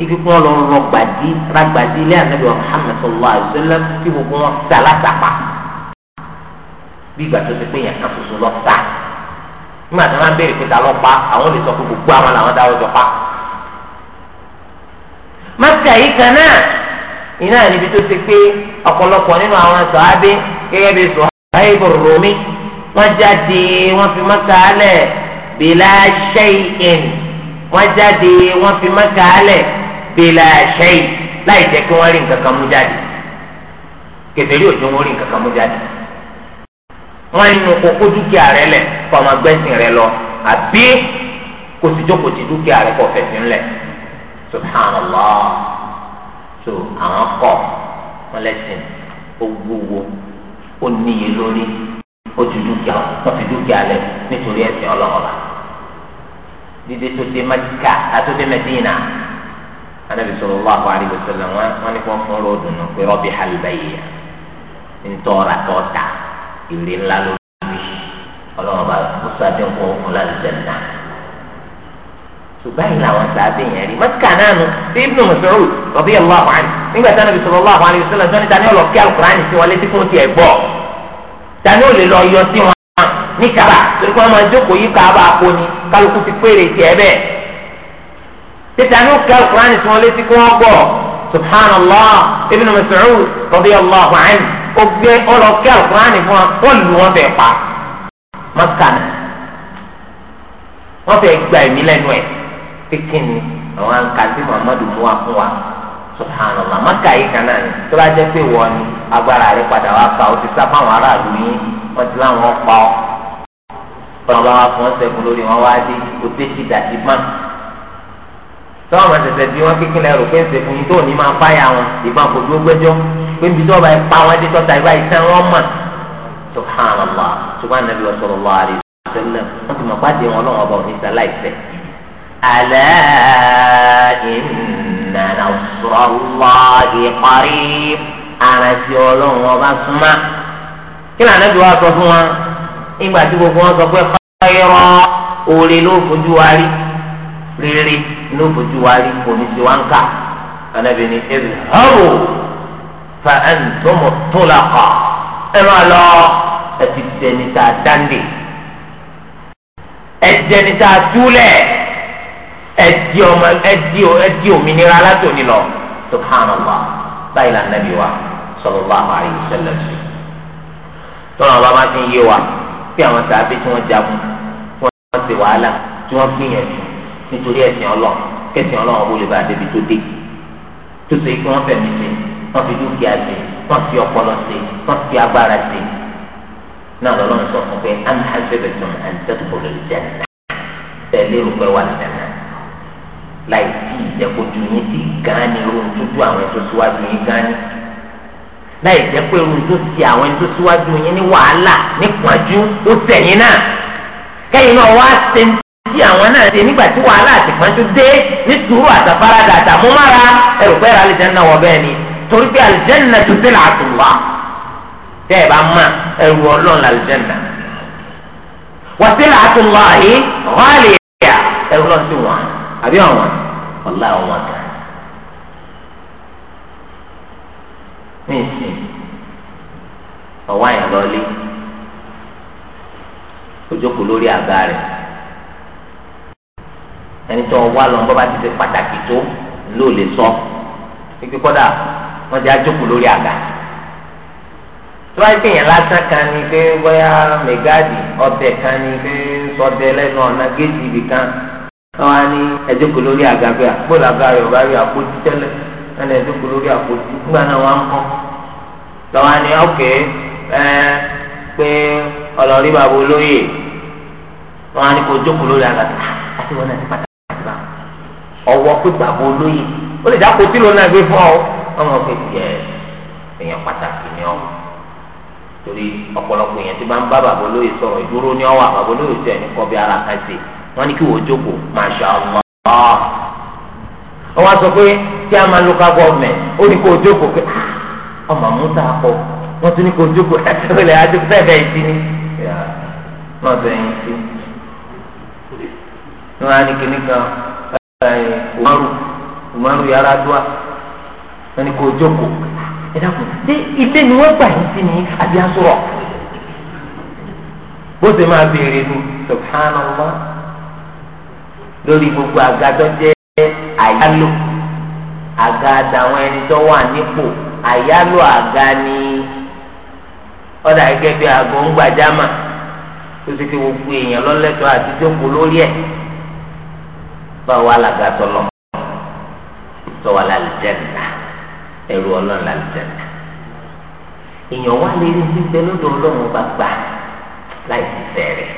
igi kún ọlọ rọ gbàdí ra gbàdí ilé ànábì Muhammad sallallahu alaihi wasallam tí gbogbo wọn sá látàpá bí ìgbà tó ti pé yẹn kan tuntun lọ sá nígbà tí wọ́n béèrè pé ta ló pa àwọn lè sọ pé gbogbo àwọn làwọn dáwọ́ jọ pa. mákà yìí kan náà iná níbi tó ti pé ọ̀pọ̀lọpọ̀ nínú àwọn sọ̀hábí gẹ́gẹ́ bí Suhaib ar-Rumi wọ́n jáde wọ́n fi mákà lẹ̀ bila shay'in wọ́n jáde wọ́n fi mọ́kà alẹ̀ bèlà ṣẹ́yì láì jẹ́ kí wọ́n rí nǹkan kan mú jáde kẹfẹ́rí òjò wọn rí nǹkan kan mú jáde wọ́n nu kókó dúkìá rẹ lẹ̀ kọ́ ọmọ rẹ lọ àbí kò dúkìá rẹ kọ́ fẹ̀sìn lẹ̀ subhanallah so àwọn kọ́ wọn lẹ́sìn ó ó níye lórí ó ju dúkìá wọn fi dúkìá lẹ̀ nítorí ẹ̀sìn ọlọ́run dídé tó dé Mẹ́kà àti tó dé Mẹ́dínà anabi sallallahu alaihi wasallam wọn ni wọn fún ròdù nù pé rọbì halibẹyì ntọ́ra tọ́ta ìrì ńlá ló bí ọlọ́run bá mùsàdín kún òkun lálùjẹ̀nà ṣùgbọ́n ìlà àwọn sàbẹ̀ yẹn rí Mẹ́kà náà nù sí ibnu Mas'ud radiyallahu anhu nígbà tí anabi sallallahu alaihi wasallam sọ́ni tani ọlọ́kí alukurani sí wọn létí fún tiẹ̀ gbọ́ tani ò lè lọ yọ sí wọn ní kaba torí pé wọ́n máa jókòó yí kaba àpò ni kálukú ti péré tiẹ̀ bẹ́ẹ̀ títà ní òkè alukurani tí wọ́n lé sí kí wọ́n gbọ́ subhanallah ibn Mas'ud radiyallahu anhu ó gbé ọlọ́kẹ́ alukurani fún wa wọ́n lù wọ́n bẹ̀ pa mọ́kànnì wọ́n fẹ́ gba ẹ̀mí lẹ́nu ẹ̀ pékinni àwọn àǹkàtí muhammadu mú wa fún wa subhanallah maka yìí kan náà tó bá jẹ́ pé wọ́n ni agbára rẹ̀ padà wá pa ó ti sá fáwọn aráàlú yín wọ́n ti láwọn pa ọ́ báwọn bá wà fún ọsẹkùn lórí wọn wá dé kò tẹ ti dà sí pọn tọ́wọ́n máa tẹ̀sẹ̀ bí wọ́n kékeré rò pé ṣe fún yín tó ní máa fáyà wọn ìbọn kò dúró gbẹ́jọ́ pé nbí tọ́ba ẹ pa wọn dé tọ́ta ìbá ìtàn wọn mọ̀ subhanallah ṣùgbọ́n wa sọ̀rọ̀ lọ́wọ́ àlè ṣẹlẹ̀ wọ́n ti mọ̀ pàdé wọn lọ́wọ́ ọba òní sá láìpẹ́. alẹ́ ìnana sọ̀rọ̀lá ìparí àràtì ọlọ́run nígbà tí gbogbo wọn sọ pé khayra òòrè ló fojú wa rí rere ló fojú wa rí kò ní sí wa ń kà anabi ni ebi haro fa antum tulaqa ẹ máa lọ ẹ ti dẹni tá a dáńdè ẹ túlẹ̀ ẹdí ọmọ ẹdí ẹdí òmìnira láti òní lọ subhanallah báyìí la nàbí wa sallallahu alayhi wa sallam tọ́nà bàbá ti yé wa pé àwọn sàbí tí wọ́n jagun tí wọ́n ṣe wàhálà tí wọ́n gbìyànjú nítorí ẹ̀sìn ọlọ́run kẹsìn ọlọ́run ọ̀bọ lè bá débi tó dé tó ṣe kí wọ́n fẹ̀mí ṣe wọ́n fi dúkìá ṣe wọ́n fi ọpọlọ ṣe wọ́n fi agbára ṣe náà lọ́lọ́run sọ fún pé am hasibtum an tadkhulul janna tẹ̀lé rúpẹ́ wà lẹ́nà láì sí ìjẹ́kojú yín ti gán ni irun tútù àwọn ètò síwájú yín gán ni láì jẹ́ pé irun tó ti àwọn ẹni tó síwájú yín ní wàhálà nípọ́njú ó tẹ̀yìn náà kẹ́yìn náà wá ṣe ń tí àwọn náà ṣe nígbà tí wàhálà àti pọ́njú dé ní sùúrù àtàfáradà àtàmúmára ẹ̀rù pẹ́ ra àlìjẹ́nà wọ bẹ́ẹ̀ ni torí pé àlìjẹ́nà tó dé làásùwà tẹ́ ẹ bá mọ ẹ̀rù ọlọ́run làlìjẹ́nà wàtí làásùwà yìí rọ́ọ̀lì ẹ̀rù lọ́sùn wọn àbí ọ̀wọ́n ọ̀la ní ìsìn ọwọ́ àyàn lọ́lé ojókòó lórí àga rẹ̀ ẹni tó wá lọ bọ́ bá ti ṣe pàtàkì tó ló lè sọ pípé kọ́dà wọ́n ti ajókòó lórí àga tó wáyé pé yẹn lásán kan ni pé bóyá mẹgáàdì ọbẹ̀ kan ni pé sọdẹ lẹ́nu ọ̀nà géèjì ibì kan wọ́n á ní ẹjókòó lórí àga pé àpò làgá rẹ̀ ọ̀gá rẹ̀ àpò títẹ́lẹ̀ ẹni ẹjọ kò lórí àpótí nígbà náà wọn kọ lọ́wọ́ ni ọkẹ ẹ pé ọlọrí bàbá olóyè wọn ni kò jókòó lórí àgàtà ah, àti wọn náà ti pàtàkì bá ọwọ́ pé bàbá olóyè ó lè dáko tí ló náà gbé fún ọ ọmọ pé tiẹ̀ èèyàn pàtàkì ni ọ torí ọ̀pọ̀lọpọ̀ èèyàn tí bá ń bá bàbá olóyè sọ̀rọ̀ ìdúró ní ọwọ́ àbàbá olóyè tó ẹni kọ́ ara kan sí wọn ni kí wọ́n jókòó masha allah. wọ́n wá sọ pé tí a máa local government ó ní kó o jókòó pé ah, ọmọ musa kọ wọn tún ní kó o jókòó ẹsẹ̀rẹ̀ lẹ́yìn adé bẹ́ẹ̀ bẹ́ẹ̀ sí ni náà tó yẹn sí ní wọn á ní kíní kan umaru umaru yàrá dùá wọn ní kó o jókòó ẹ dákun ṣé ilé ni wọn gbà yín sí ni àbí asọ̀rọ̀ bó ṣe máa béèrè ni subhanallah lórí gbogbo àgàdọ́ jẹ́ àyálò àga àtàwọn ẹni tó wà nípò àyálò àga ni ọ̀dà gẹ́gẹ́ bí aago ń gbajàmà tó ti fi gbogbo èèyàn lọ́lẹ́tọ̀ àti jókòó lórí ẹ̀ báwo alága tọlọ tọwọ́ làlìjẹ́nà ẹrú ọlọ́run làlìjẹ́nà èèyàn wá lè rí gbígbẹ́ lọ́dọ̀ ọlọ́run bá gbà láì sí fẹ́rẹ̀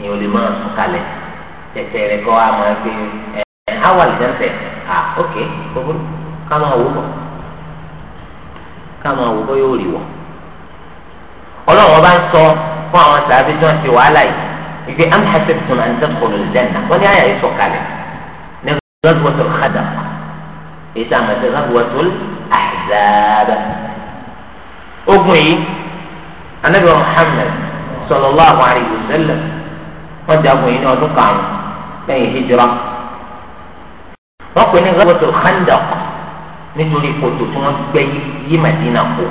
èèyàn lè máa sùn kalẹ̀ tẹ̀tẹ̀ rẹ̀ kọ́ àmọ́ pé ẹ awa lè dẹ́sẹ̀ à ok gbogbo ká máa wò mọ̀ ká máa wò bóyá ó rí wọ̀ ọlọ́run ọba ń sọ fún àwọn sàbí tí wọ́n ti wàhálà yìí ìgbé am hasibtum an tadkhulu al-janna wọ́n ní àyà yìí sọ̀kalẹ̀ ní ghazwatul Khandaq èyí tá a mọ̀ sí ghazwatul Ahzab ogun yìí anabi Muhammad sallallahu alayhi wa sallam wọ́n jagun yìí ní ọdún karùn-ún hijira wọ́n pè ní ghazwatul khandaq nítorí kòtò tí wọ́n gbẹ́ yí Madina kó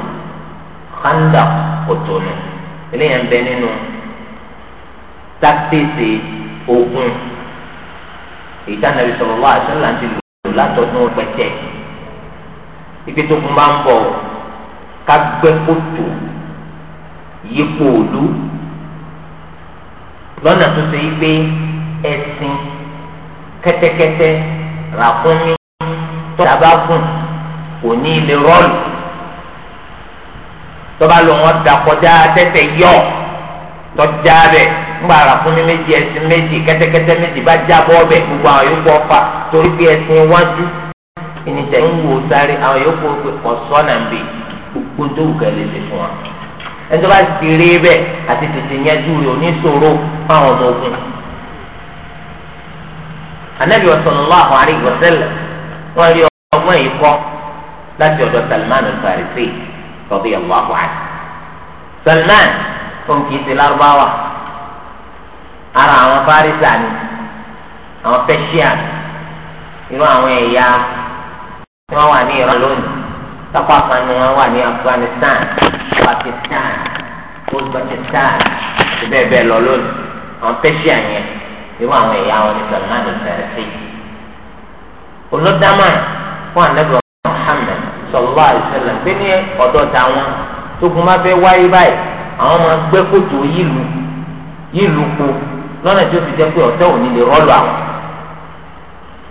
khandaq kòtò nù eléyà ń bẹ nínú táktíìsì ogun ìdánabi sallallahu alaihi wasallam ti lò látọdún pẹtẹ ibi tó kún bá ń bọ̀ ká gbẹ́ kòtò yípo òlu lọ́nà tó ṣe yí pé ẹṣin kẹ́tẹ́kẹ́tẹ́ ràkúnmí tọ́jà bá gùn kò ní ilé rọ́ọ̀lù tọ́ba ló wọn da kọjá tẹ́tẹ́ yọ tọ́jà bẹ̀ ńgbà ràkúnmí méjì ẹṣin méjì kẹ́tẹ́kẹ́tẹ́ méjì bá jábọ́ ọbẹ̀ gbogbo àwọn yòókù ọ̀fà torí pé ẹṣin wájú ìníjà ń wò sáré àwọn yòókù ọ̀sọ́nà ń bè gbogbo tó wù kẹ́lẹ́ lè fún wa ẹni tó bá ti rí bẹ́ẹ̀ àti tètè yẹn dúró oníṣòro fáwọn ọmọ ogun anabi sallallahu alayhi wa sallam wọn rí ọgbọ́n yìí kọ́ láti ọ̀dọ̀ salman al-farisi radiyallahu anhu salman tó ń kì í ṣe lárúbáwá ara àwọn farisa ni àwọn persian irú àwọn ẹ̀yà tí wọ́n wà ní iran lónìí lápá kan ni wọ́n wà ní afghanistan pakistan uzbekistan àti bẹ́ẹ̀ bẹ́ẹ̀ lọ lónìí àwọn persian yẹn irú àwọn ẹ̀yà wọn ní sàlmánì fẹ̀rẹ̀sì olódàmà fún anábìrò Muhammad sallallahu alaihi wasallam pé ní ọ̀dọ̀ táwọn tógun bá fẹ́ wáyé báyìí àwọn máa gbẹ́ kòtò yìlù yìlù po lọ́nà tí ó fi jẹ́ pé ọ̀tẹ́ òní lè rọ́ọ̀lù àwọn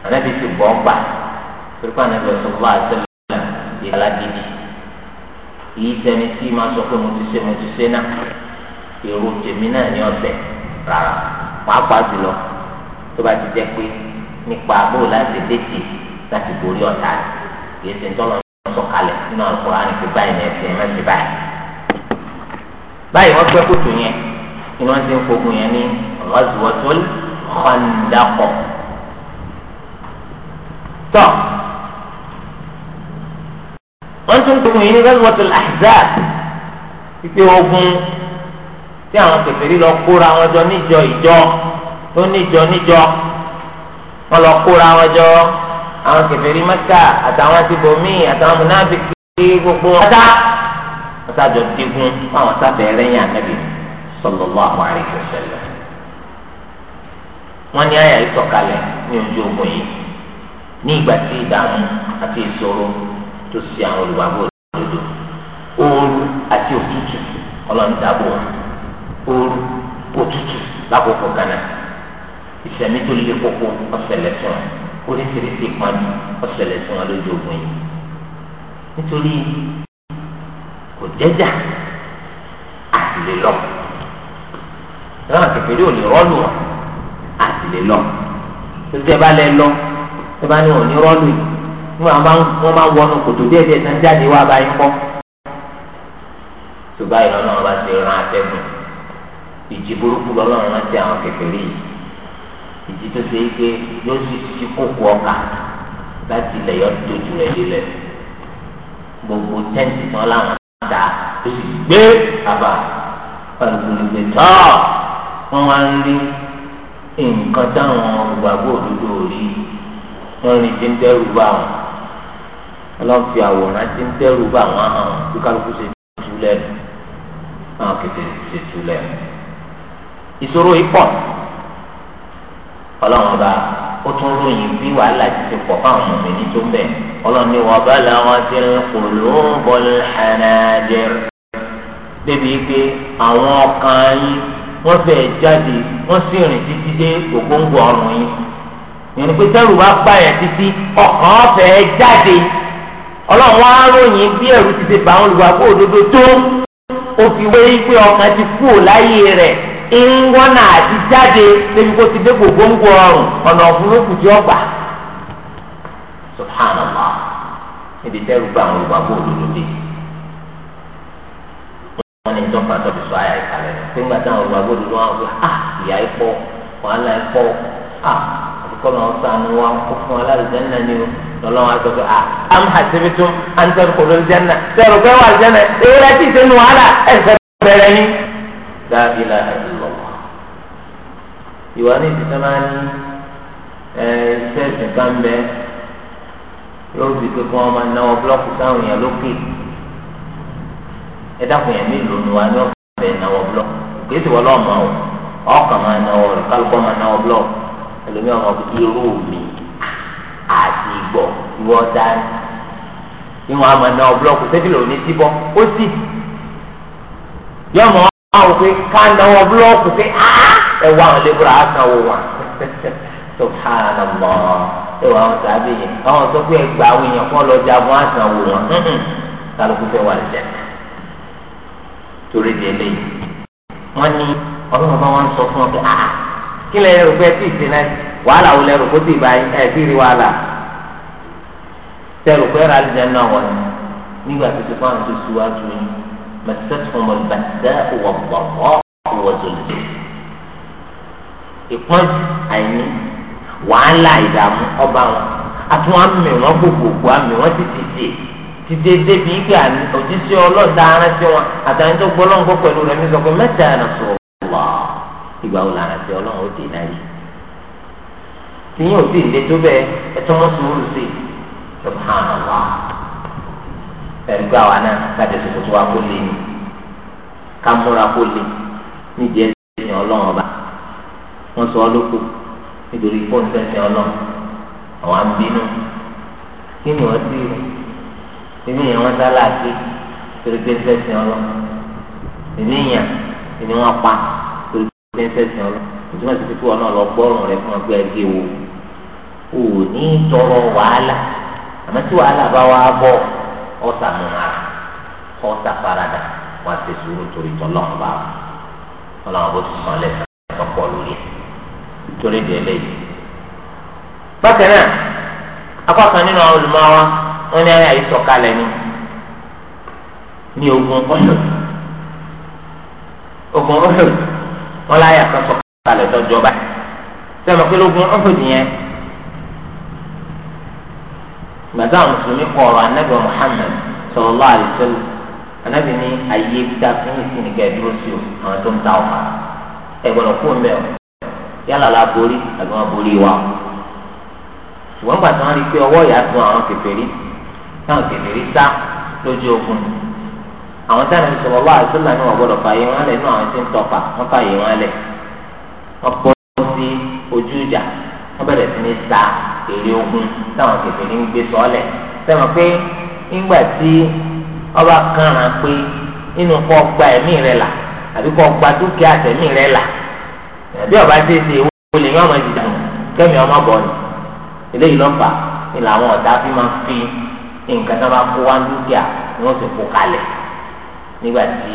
anábì ti bọ̀ ọ́ gbà pẹ̀lú anábìrò sallallahu alaihi ìyàlá gidi èyí tẹni tí máa sọ pé mo ti ṣe mo ti ṣe náà èrò tèmi náà ní ọ̀sẹ̀ pàápàá jùlọ tó bá ti jẹ́ pé nípa bó láti déjì láti borí ọ̀tá yìí ṣe ń tọ́lọ̀ sọ̀kalẹ̀ nínú Al-Kùránì pé báyìí ní ẹsẹ̀ ẹ̀mẹ́ ti báyìí. báyìí wọ́n pẹ́ kótó yẹn ni wọ́n ti ń fogun yẹn ní Ghazwatul Khandaq. tọ́ wọ́n tún fogun yẹn ní Ghazwatul Ahzab pípé ogun tí àwọn kèfèrí lọ kóra wọn jọ níjọ ìjọ tó níjọ níjọ wọn lọ kóra wọn jọ àwọn kèfèrí Mẹ́kà àtàwọn ti bòmí àtàwọn múnáfíkì gbogbo ọ̀tá ọ̀tá jọ digun àwọn sábẹ̀rẹ̀ yẹn ànábì sallallahu alaihi wasallam wọn ní àyà ìsọ̀kalẹ̀ ní ojú ogun yìí ní ìgbà tí ìdààmú àti ìṣòro tó ṣe àwọn olùwàgbọ́ òdodo ooru àti òtútù ọlọ́ni dábò wọn ooru òtútù lákòókò kanáà ìsẹ̀mí tó lé kókó ọ̀sẹ̀lẹ̀ tó wọn oríṣiríṣi ìpanu ọ̀sẹ̀lẹ̀ tó wọn lójú ogun yìí nítorí kò jẹ́jà àti lè lọ náà kékeré ò lè rọ́ọ̀lù wọn àti lè lọ tó tẹ́ bá lẹ lọ tó bá ní wọn ní rọ́ọ̀lù yìí ní wọn bá wọn bá wọnú kòtò díẹ̀ díẹ̀ náà jáde wá báyìí kọ́ tó báyìí lọ́nà wọn bá ti ran atẹ́gùn ìjì burúkú lọ́lọ́run rántí àwọn kékeré yìí ìjì tó ṣe é pé yóò sì ti kókó ọkà láti ilẹ̀ yọ dojú rẹ̀ lélẹ̀ gbogbo tẹ́ǹtì kan láwọn àdá tó sì gbé àbá pàlùkùlùgbè tọ́ wọ́n wá ń rí nǹkan táwọn olùgbàgbọ́ òdodo rí wọ́n rí ti ń dẹ́rù bá wọn ọlọ́run fi àwòrán ti ń dẹ́rù bá wọn hàn bí ṣe tú àwọn kìtì ṣe tú ìṣòro yìí pọ̀ ọlọ́run ọba ó tún ròyìn bí wàhálà ti ti pọ̀ fáwọn ọmọ mi ní tó bẹ̀ ọlọ́run ni wọ́n bá làwọn ti ń kò ló ń bọ̀ lẹ́nàdẹ́rẹ́ débi pé àwọn ọkàn yín wọ́n fẹ́ jáde wọ́n sì rìn títí dé ògbóǹgbò ọrùn yín ìrìn pé tẹ́rù bá bá yẹn títí ọkàn fẹ́ jáde ọlọ́run wá ròyìn bí ẹ̀rù ti ti bá àwọn olùwàgbọ́ òdodo tó ó fi wé pé ọkàn ti kú ò láyé rẹ̀ ńwọ́nà àti jáde débi kó ti dé gbogbo ọrùn ọ̀nà òfurufú tí ó gbà. subhanallah níbi tẹ́rù bá àwọn olùgbàgbọ́ òdodo dé. wọ́n ní ìjọba tó fi sọ àyà ìkàlẹ̀ pé ńgbà táwọn olùgbàgbọ́ òdodo wọn wọ́n á ìyá ìpọ̀ wàhálà ìpọ̀ á ah, àbíkọ́ náà ń sànù wa kó fún aláàlùjẹ́ náà ni o lọ́lọ́wọ́ aṣọ pé ah, am hasibitum an tadkhulul janna tẹ̀rù pé wà aljanna èyí rẹ̀ ti sẹ́nu wàhálà ẹ̀sẹ̀ bẹ̀rẹ̀ ni la ilaha illallah ìwà ní ìdíjọ́ máa ní iṣẹ́ ìsìn kan bẹ yóò di pé kí wọ́n máa náwó búlọ́ọ̀kù sáwọn èèyàn lókè ẹ dákun yẹn nílùú ni wà ní ọ̀kan bẹ náwó búlọ́ọ̀kù kì í sì wọ́n lọ́ọ̀mọ́ o ọ̀kan máa náwó rẹ̀ kálukọ́ máa náwó búlọ́ọ̀kù ẹlòmíràn máa fi irú mi àti ìgbọ̀ ìwọ́ dání ìwọ̀n àmọ̀ náwó búlọ́ọ̀kù sẹ́fìlì òní síbọ̀ ó sì yọ̀ọ̀mọ́ àwọn pé ká náwó búlọ́ọ̀kù sí ẹ̀wọ̀n àwọn lébúra àtàwọn wọn subhanallah ẹ̀wọ̀n àwọn sábẹ yẹn àwọn tó pé ẹgbàá àwọn èèyàn kọ́ lọ jagun àtàwọn wọn kálukú fẹ́ wà lẹ́yìn torí di eléyìí ní ọlọ́run bá wọn sọ fún ọ pé kí lè rò pé tí مستهم البأساء والضراء وزلزل ìpọ́njú àìní wàhálà ìdààmú ọba wọn àtún àmì wọn gbogbogbò àmì wọn ti tètè tètè débi ike àmì òjísé ọlọ́dà aránsẹ́ wọn àtàwọn tó gbọ́ lọ́nkọ́ pẹ̀lú rẹ̀ mi sọ pé mẹ́ta ẹ̀ sọ wà ìgbà wo làrá sí ọlọ́run ó dé náà yìí tìyín ò sì lè tó bẹ́ẹ̀ ẹ̀ tọ́ wọn sùúrù sí subhanallah ẹgbẹ́ àwa náà kájà tó tó wa kó lé ní ká múra kó lé nídìí ẹsẹ̀ ọlọ́run ọba wọ́n sọ ọ́ lóko nítorí fóònù sẹ́sẹ̀ ọlọ́run àwọn á ń bínú kí ni wọ́n sí ibi yẹn wọ́n sálà sí torí pé sẹ́sẹ̀ ọlọ́run ibi yẹn ni wọ́n pa torí pé sẹ́sẹ̀ ọlọ́run ìtumọ̀ sí pípé ọ̀nà lọ gbọ́rùn rẹ fún ọgbẹ́ ẹgbẹ́ wo ò ní tọrọ wàhálà àmọ́ tí wàhálà bá wà á bọ̀ ọ́ ọ̀tà múra ọ̀tà parada wà ti sùúrù torí tọ́lọ́mù bá wọn làwọn bó ti sàn lẹ́sẹ̀ ọ̀pọ̀ lórí ẹ̀ torí di eléyìí. bákan náà akọ́kàn nínú àwọn olùmọ́wá wọn ní ayé àyíṣọ́kalẹ̀ ni ní ogun ọ̀hún ogun ọ̀hún wọn láyé àkàṣọ́kalẹ̀ tọ́jú ọba sẹ́mi pé lógun ọ̀hún gbàtà mùsùlùmí kọ ọ̀rọ̀ anabi muhammed sallallahu alaihi wasallam anabi ní ayé bíta fún ìsìn nìkẹ dúró sí o àwọn tó ń ta ọfà ẹ gbọ́dọ̀ kó mbẹ o yálà la borí àbí wọn borí wa ṣùgbọ́n gbàtà wọn rí pé ọwọ́ ìyá tún àwọn kèfèrí táwọn kèfèrí sá lójú ogun àwọn táwọn ẹni sọlọ wá àti lànà wọn gbọ́dọ̀ fààyè wọn lẹ inú àwọn tí ń èrè ogun táwọn kẹfìrí ń gbé sọ́ọ̀lẹ̀ sẹ́wọ̀n pé nígbà tí ọba kàràn pé nínú kọ́ gba ẹ̀mí rẹ̀ là àbí kọ́ gba dúkìá àtẹ̀mí rẹ̀ là àbí ọba ṣe é ṣe owó lè yán ọmọ ìdìbò kẹ́mi ọmọ bọ̀ ni eléyìí lọ́fà ni làwọn ọ̀dà fi máa fi nǹkan tó bá kó wá dúkìá ni wọ́n sì kó kalẹ̀ nígbà tí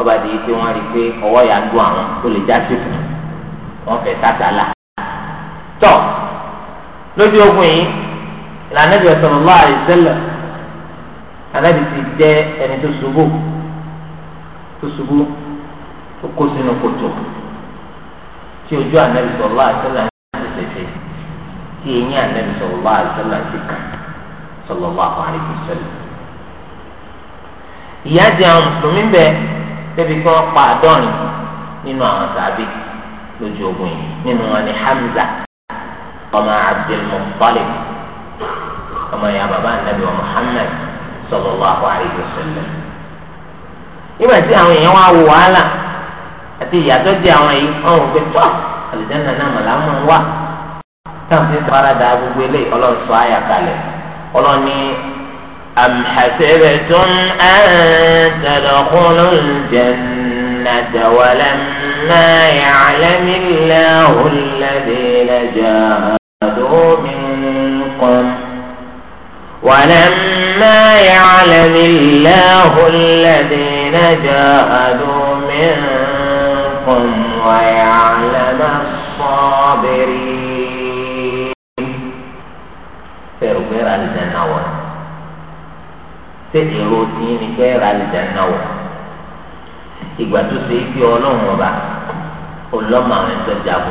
ọba di pé wọ́n rí i pé ọwọ́ yà ń àwọn ó lè já sí fún wọn fẹ́ sátà tọ́ lójú ogun yìí ìlànà ìbí sallallahu alaihi wasallam anábì ti jẹ́ ẹni tó ṣubú tó ṣubú tó kó sínú kòtò tí ojú anábì sallallahu alaihi wasallam ti tẹ̀sẹ̀ tí eyín anábì sallallahu alaihi wasallam ti kàn sallallahu alaihi wasallam. ìyá di àwọn mùsùlùmí bẹ́ẹ̀ débi kí wọ́n pa àádọ́rin nínú àwọn sàbí lójú ogun yìí nínú wọn ni Hamza ọmọ abdulmọ̀tálì ọmọ ìyá bàbá ànábì wa muhammed sallallahu alayhi wa sallam. nígbà tí àwọn èèyàn wá wo wàhálà àti ìyàtọ̀ di àwọn yìí wọn ò gbé tọ́ àlùjáná náà màlá mọ̀ wá. táwọn ti ń sọ́ra da gbogbo eléyìí ọlọ́run sọ àyà kalẹ̀ ọlọ́run ní أم حسبتم أن تدخلوا الجنة ولما يعلم الله الذين جاهدوا منكم ولما يعلم الله الذين جاهدوا منكم ويعلم الصابرين فيغفر الجنة سيروتين فيغفر الجنة ìgbà tó ṣe é fi ọlọ́run ọba ọlọ́mọ àwọn ẹ̀ńtọ́jà kò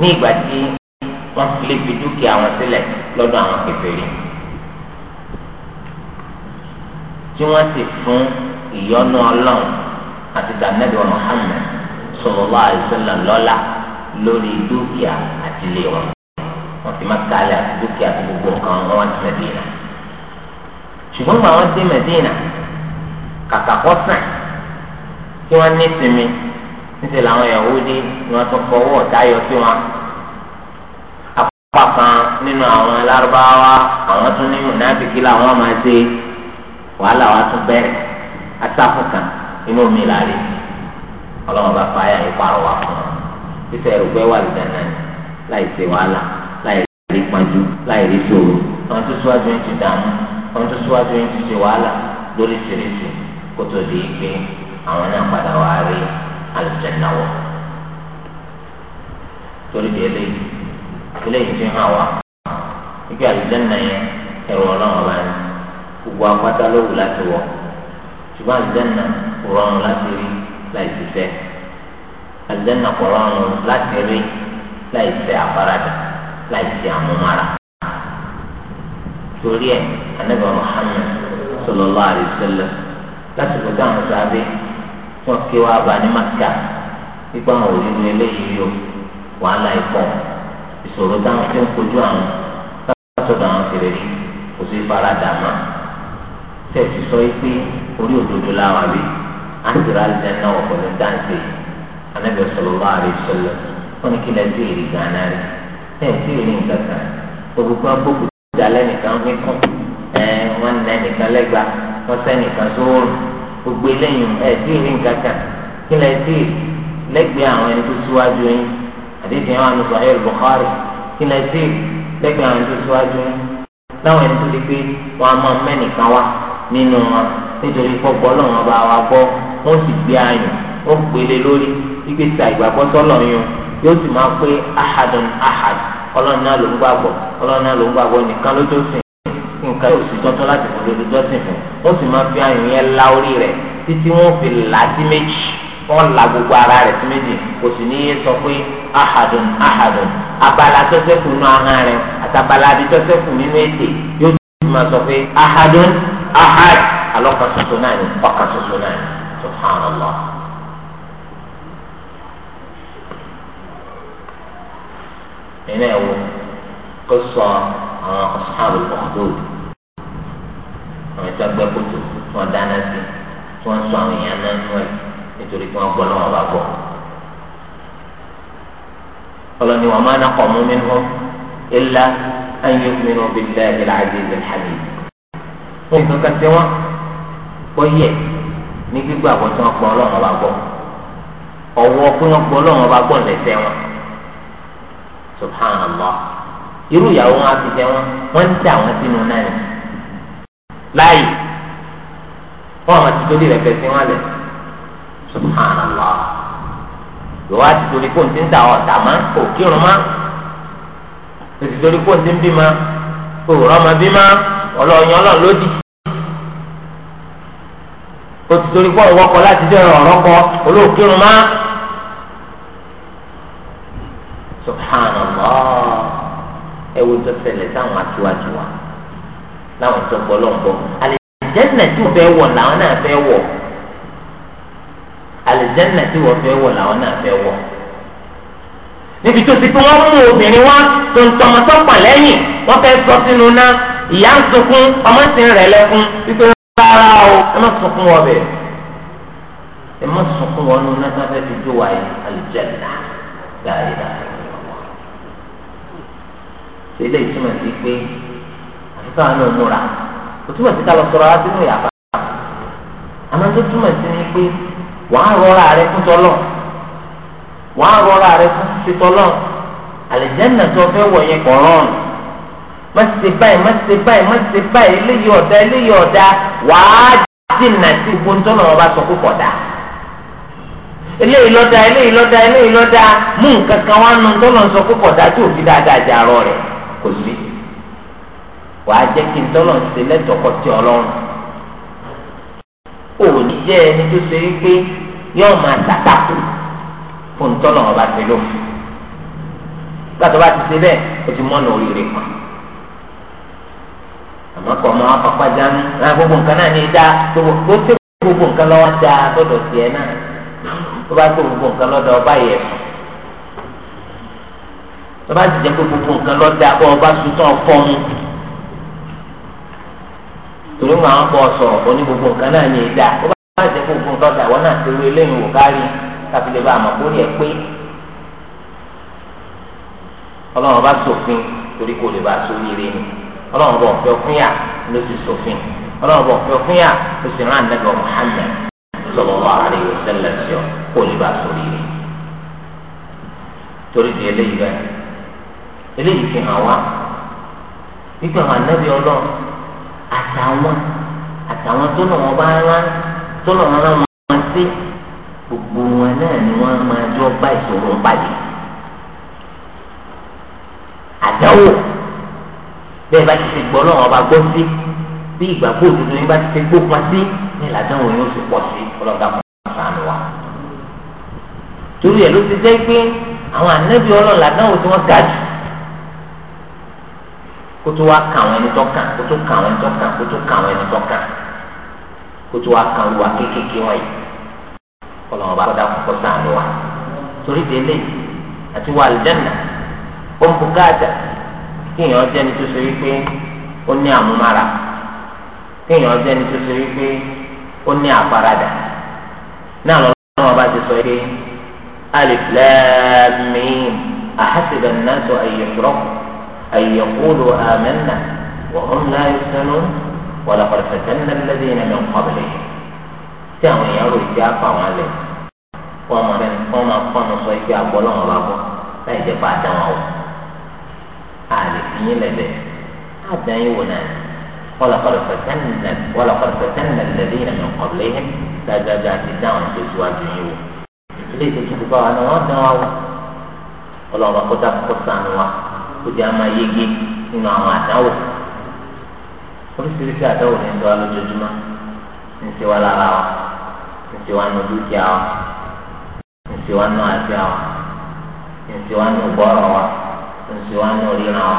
ní ìgbà tí wọ́n lè fi dúkìá wọn sílẹ̀ lọ́dọ̀ àwọn kèfèrí tí wọ́n ti fún ìyọ́nú ọlọ́run àti tànẹ́bí Muhammad sallallahu alaihi wasallam lọ́lá lórí dúkìá àti ilé wọn wọ́n ti máa kalẹ̀ àti dúkìá àti gbogbo nǹkan wọn ti Mẹ́dínà ṣùgbọ́n gbà wọ́n dé Mẹ́dínà kàkà kọ́ sàn kí wọ́n ní sinmi níṣẹ́ làwọn Yahudi ni wọ́n tún kọ́ owó ọ̀tá yọ sí wọn. apá kan nínú àwọn lárúbáwá àwọn tún ní mùnáfíkì làwọn máa ṣe wàhálà wa tún bẹ̀rẹ̀ atáfùkà inú mi láre ọlọ́run bá fa ayà ìparọ̀ wà fún wọn. títẹ̀ ẹ̀rùgbẹ́ wà lùdà náà láì ṣe wàhálà láì rí pọ́njú láì rí ṣòro àwọn tó síwájú yẹn ti dààmú àwọn tó síwájú yẹn ti ṣe wàhálà lóríṣiríṣi kó tó di ìgbé àwọn náà padà wá rí i alùjẹ̀nà wọ̀ torí di eléyìí eléyìí fi hàn wá ibi alùjẹ̀nà yẹn ẹ̀rọ ọlọ́run ọba yẹn gbogbo apáta ló wù láti wọ̀ ṣùgbọ́n alùjẹ̀nà kò rọrùn láti rí láì ti fẹ́ alùjẹ̀nà kò rọrùn láti rí láì fẹ́ àfaradà láì fẹ́ àmúmára torí ẹ̀ anábà Muhammad sallallahu alaihi wasallam láti gbọ́dọ̀ àwọn sábẹ́ wọn ké wá bá ní màkà pípa àwọn òrìrì eléyìí yó wàhálà ìpọ ìṣòro táwọn tí ń kojú àwọn látọ̀dọ̀ àwọn kéré rí kò sí faradà mọ́ tẹ̀sí sọ pé orí òdodo làwọn àbí àtìrà àlùjẹ náà wọ̀ pẹ̀lú dáńtì anábì sallallahu alaihi wasallam wọn ni kí lẹ sí èrì gánà rẹ ẹ sí èrì nǹkan kan gbogbo agbókù dalẹ nìkan ní kún ẹ wọn nà nìkan lẹgba wọn sẹ nìkan sóòrùn. gbogbo eléyìí ẹ̀ẹ́dì rí nǹkankan kí lè dì lẹ́gbẹ̀ẹ́ àwọn ẹni tó síwájú yín àdéhùn yẹn wà ní sọ̀hẹ́ Bukhari kí lè dì lẹ́gbẹ̀ẹ́ àwọn ẹni tó síwájú yín láwọn ẹni tó ti pé wọn a máa mẹ́nìkan wá nínú wọn nítorí gbọ́gbọ́ lọ́wọ́n bá wa lori wọ́n sì gbé ayùn ó gbélé lórí si ta ìgbàgbọ́ sọ́lọ̀ yóò sì máa pé ahadun ahad ọlọ́run náà nǹkan yóò sì tọ́tọ́ láti fún lórí jọ́sìn fún ó sì máa fi ayùn yẹn la orí rẹ̀ títí wọ́n fi là sí méjì wọ́n la gbogbo ara rẹ̀ sí méjì kò sì ní í sọ pé ahadun ahadun abala tọ́sẹ̀kù nínú ahọ́n rẹ̀ àtàbala àbí tọ́sẹ̀kù nínú ètè yóò sì máa sọ pé ahadun ahad alọ́kan ṣoṣo náà ni ọ̀kan ṣoṣo náà ni subhanallah. ẹ̀yin náà kó sọ àwọn ashabu al àwọn ẹja gbẹ kòtò tí wọn dáná sí tí wọn sọ àwọn èèyàn náà nú ẹ nítorí pé wọn gbọ́ náà wọn bá gbọ́. ọlọ́ni wọn máa nàkọ̀ mú mi hàn ilá ayé mi nù bí lẹ́yìn ilá àdé ìbẹ̀ hàmì. wọn kàn sí wọn gbọ́ yẹ ní gbígbà wọn tí wọn gbọ́ náà bá gbọ́ ọwọ́ pé wọn gbọ́ náà bá gbọ́ lẹ́sẹ̀ wọn subhanallah irú ìyàwó wọn á ti jẹ wọn wọn ń tẹ àwọn sínú náà láàyè wọn àmà tìtorí rẹ fẹsẹ̀ wọn lẹ subhanallah yòówá tìtorí kó n ti ń ta ọ̀tà má kò kírun má tìtorí kó n ti ń bí má kò rọ́mọ bí má ọlọ́ọ̀yàn ọlọ́ọ̀ lódì kò tìtorí kó ọ̀wọ́kọ láti dẹ́ ọ̀rọ̀ kọ olóòkírun má subhanallah ẹ wo tó ṣẹlẹ̀ sáwọn atiwájú wa láwọn tó gbọ́ lọ́n gbọ́ àlìjẹ́nà tí wọ́n fẹ́ wọ̀ làwọn náà fẹ́ wọ̀ àlìjẹ́nà tí wọ́n fẹ́ wọ̀ làwọn náà fẹ́ wọ̀ níbi tó ti pé wọ́n mú obìnrin wá tó ń tọmọ tó pọ̀ lẹ́yìn wọ́n fẹ́ sọ sínú náà ìyá ń sunkún ọmọ sì ń rẹ̀ lẹ́kún wípé rárá o ẹ má sunkún wọ bẹ̀ ẹ má sunkún wọ nínú náà sáfẹ́ fi jó wáyé àlìjẹ́nà dáadáa. ṣé ilé ìtumọ̀ káwọn náà múra kò túmọ̀ sí ká lọ sọ̀rọ̀ wá sínú ìyàpá àmọ́ tó túmọ̀ sí ni pé wàá rọra rẹ fún tọ́lọ̀ wàá rọra rẹ fún títọ́lọ̀ àlìjẹ́nà tó fẹ́ wọ̀ yẹn kọ̀ rọrùn má ṣe báyìí má ṣe báyìí má ṣe báyìí eléyìí ọ̀dà eléyìí ọ̀dà wàá dènà sí gbogbo ń tọ́lọ̀ wọn bá sọ púpọ̀ dà eléyìí lọ́dà eléyìí lọ́dà eléyìí lọ́dà mú nǹkan kan wá wàá jẹ́ kí n tọ́lọ̀ ṣe lẹ́tọ̀ọ́kọ́ tí ọlọ́run òní jẹ́ ẹni tó ṣe é pé yóò máa tàtàkù fún tọ́lọ̀ ọba ti lófin gbàtọ́ bá ti ṣe bẹ́ẹ̀ o ti mọ́nà oríire kan àmọ́ kọ́ ọmọ apapa jánu náà gbogbo nǹkan náà ní í dá gbogbo tó gbogbo nǹkan lọ́wọ́ dá lọ́dọ̀ tiẹ̀ náà tó bá tó gbogbo nǹkan lọ́dọ̀ ọba yẹ fún tó bá ti jẹ́ pé gbogbo nǹkan lọ́dọ̀ ọba sùn tán fọ́ mu torí wọn àwọn kọ sọ̀rọ̀ kọ ní gbogbo nǹkan náà ní ìdá ó bá jẹ fún nǹkan tó dàwọ náà ti wé lẹ́yìn wò kárí káfí lè bá àmọ́ kó rí ẹ pé Ọlọ́run bá ṣòfin torí kò lè bá sóríire ni Ọlọ́run bọ ọfẹ fún yà ló ti ṣòfin Ọlọ́run bọ ọfẹ fún yà ló sì rán ànágbà Muhammad sallallahu alaihi wasallam ọ kò lè bá sóríire torí di eléyìí bẹ́ẹ̀ eléyìí fi hàn wá àtàwọn àtàwọn tó lọ́wọ́ bá rán tó lọ́wọ́ rán wọn sí gbogbo wọn náà ni wọ́n máa jọ bá ìṣòro ń bàjẹ́ àdáwò bẹ́ẹ̀ bá ti ti gbọ́ lọ́wọ́ bá gbọ́ sí bí ìgbàgbọ́ òdodo yín bá ti ti gbópa sí ní ìlànà òun yóò sì pọ̀ sí ọlọ́dà kan sànù wa. torí ẹ̀ ló ti jẹ́ pé àwọn ànábì ọlọ́ọ̀lá náà tí wọ́n ga jù kó tó wá kà àwọn ẹni tó kà kó tó kà àwọn ẹni tó kà kó tó kà àwọn ẹni tó kà kó tó wá kà wá kéékèèké wáyé kọlọ́mọ bá kọ́dá kọ́kọ́ sàánú wa torí délé àti wà lẹ́nà ó ń bu gáàjà kéèyàn jẹ́ni tó ṣe wípé ó ní àmúmára kéèyàn jẹ́ni tó ṣe wípé ó ní àfaradà náà lọ́wọ́ bá ti sọ pé alif lam mim ahasiba an-nasu an أن يقولوا آمنا وهم لا يفتنون ولقد فتنا الذين من قبلهم táwọn èèyàn rò ìdí apá wọn lẹ wọn máa fẹ́ wọn máa fọnù sọ ìdí apọ̀ lọ́wọ́ bá bọ́ láì jẹ́ bá dá wọn wò á lè fi yín lẹ́bẹ̀ á dá yín wò náà wọ́lọ́kọ̀dọ̀ fẹ̀tẹ́nìlẹ̀ wọ́lọ́kọ̀dọ̀ fẹ̀tẹ́nìlẹ̀ lẹ́bí ìrìn àwọn ọ̀lẹ́ yẹn dáadáa ti dá wọn tó síwájú yín wò ilé ìtòkìtì bá wa ni wọ́n dá wa wò ọlọ́run kó dá kó sànù wa. kó jẹ́ àmà yege nínú àwọn àdáwò oríṣiríṣi àdáwò ní ìjọba lójoojúmọ́ ní tiwa lára wa ní tiwa nù dúkìá wa ní tiwa nù àjà wa ní tiwa nù gbọ́rọ̀ wa ní tiwa nù ríran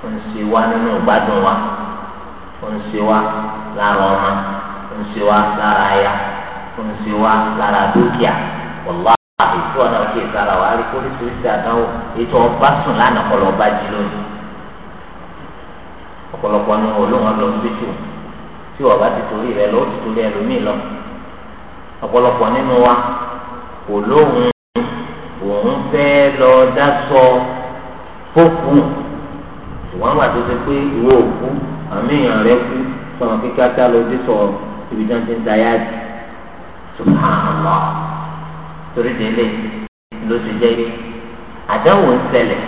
wa ní tiwa nínú ìgbádùn wa ní tiwa lára ọmọ ní tiwa lára aya ní tiwa lára dúkìá wàlá. àtúntò ọ̀nà òkè ìsàlà wà á rí oríṣiríṣi àdánwò ètò ọba sùn lánàá ọpọlọ jí lónìí ọ̀pọ̀lọpọ̀ ní olóhùn lọ sí tù tí ọba ti torí rẹ lọ ti torí ẹlòmíì lọ ọ̀pọ̀lọpọ̀ nínú wa olóhùn òun fẹ́ lọ dá fókù wà tó ṣe pé òkú àmì rẹ kú sọ̀rọ̀ kíkà tá ló torí délé ló ti jẹ́ ibi àdánwò ń ṣẹlẹ̀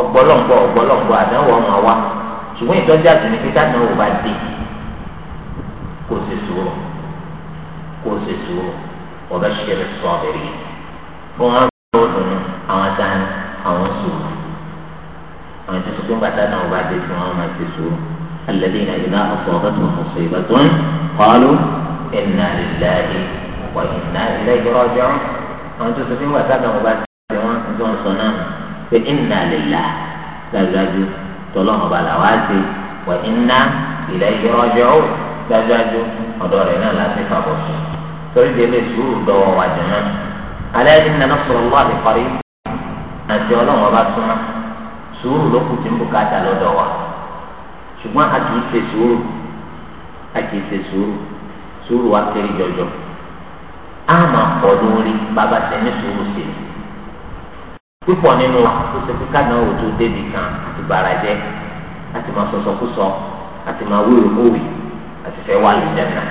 ọgbọ́lọ́ngbọ́ ọgbọ́lọ́ngbọ́ àdánwò ọmọ wa ṣùgbọ́n ìtọ́jú àtúnní pété àdánwò bá dé kó o ṣe sùúrù kó o ṣe sùúrù ọ̀bẹ ṣẹlẹ̀ sọ̀bẹ̀rì fún wọn ló dùn àwọn dání àwọn sùúrù àwọn ètò ìṣòkè bàtà náà bá dé fún wọn máa sùúrù alẹ́ dènà ìlà ọ̀sọ̀ ọ̀bẹ tó ń sọ ìbátan kọ́ وإنا iná راجعون ìjọba ọjọ́ àwọn tó sọfún wà sábà wọn bá ti wọn tó ń sọ náà pé iná lè la dájúdájú tọ́lọ́mọ bá là wá sí wọ́n iná ilé ìjọba ọjọ́ dájúdájú ọ̀dọ́ rẹ̀ náà láti fàbọ̀ sí torí délé sùúrù dọ́wọ́ wà jẹ́ náà alẹ́ ní nana sọ̀rọ̀ wà lè parí àti ọlọ́mọ bá súnmọ́ sùúrù ló kù tí ń bùkátà lọ́dọ̀ wa ṣùgbọ́n a kì í ṣe sùúrù a kì í ṣe sùúrù sùúrù wa kéré jọjọ. a máa pọ̀ lórí bàbá tẹ̀ ní sùúrù sí i púpọ̀ nínú ò tó kan àti bàràjẹ́ àti máa sọ̀sọ̀ kú sọ àti máa wúrò kówì àti fẹ́ wà lójà náà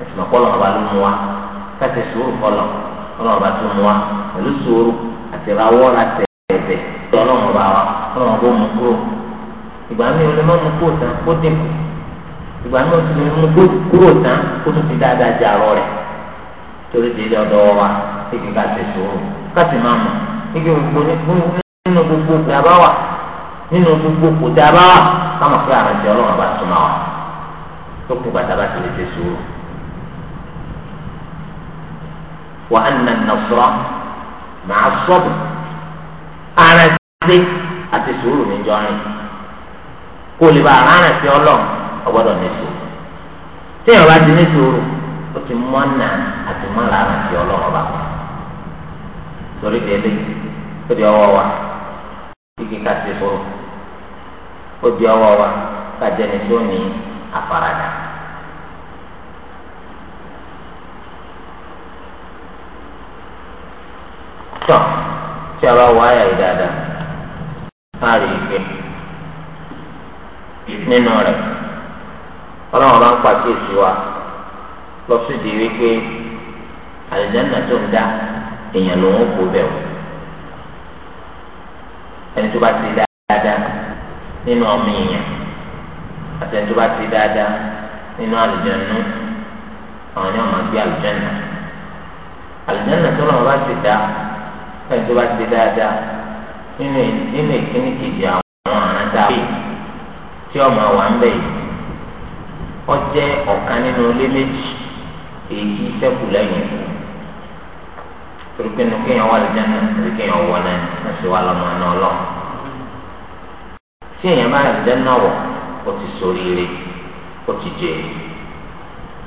àti máa kọ́lọ̀ ọba ló mú wa káti kọ́lọ̀ ọba tó mú wa pẹ̀lú àti ìgbà mi ò lè kúrò tán kó ìgbà mi ò torí ti ilé ọ̀dọ̀ wa kéèké ká ṣe sòrò ká sì máa mọ̀ níbi gbogbo nínú gbogbo kò dábàá wà nínú gbogbo kò dábàá wà káwọn fún àwọn ìjọ ọlọ́run bá súnmọ́ wa tó kú bàtà bá ti lè ṣe sòrò. wà á nà nàṣọ́rọ́ màá sọ́bù ara ṣe àti sòrò níjọ́ rìn kó lè bá ara rẹ̀ sí ọlọ́run ọgbọ́dọ̀ ní sòrò tí ìyàwó ti ní sòrò ó ti mọ́nà àti mọ́ra àti ọlọ́run bá wọn torí délé ó di ọwọ́ wa kíkí ká ti sọ̀rọ̀ ó di ọwọ́ wa ká jẹni tó ní àfaradà. tọ́ tí a bá wọ àyà yìí dáadáa á rí ike nínú rẹ̀ ọlọ́run bá ń pàkíyèsí wa lọ sí di wípé àlùjáná tó ń dá èèyàn ló ń kó bẹ́ẹ̀ o ẹni tó bá ti dáadáa nínú ọmọ èèyàn àti ẹni tó bá ti dáadáa nínú àlùjáná àwọn ni wọn máa gbé àlùjáná àlùjáná tó náà bá ti dá ẹni tó bá ti dáadáa nínú nínú kejì àwọn àrùn dáwé tí ọmọ wa ń bẹ yìí ọjẹ ọ̀kan nínú ilé méjì èyí tí sẹ́kù lẹ́yìn fún torí pé nu kéèyàn wà lẹ́jọ́ náà torí kéèyàn wọ náà ẹ̀sìn wà lọ́mọ náà lọ. tí èèyàn bá lẹ́jọ́ náà wọ̀ ó ti ṣoríire ó ti jẹ èyí.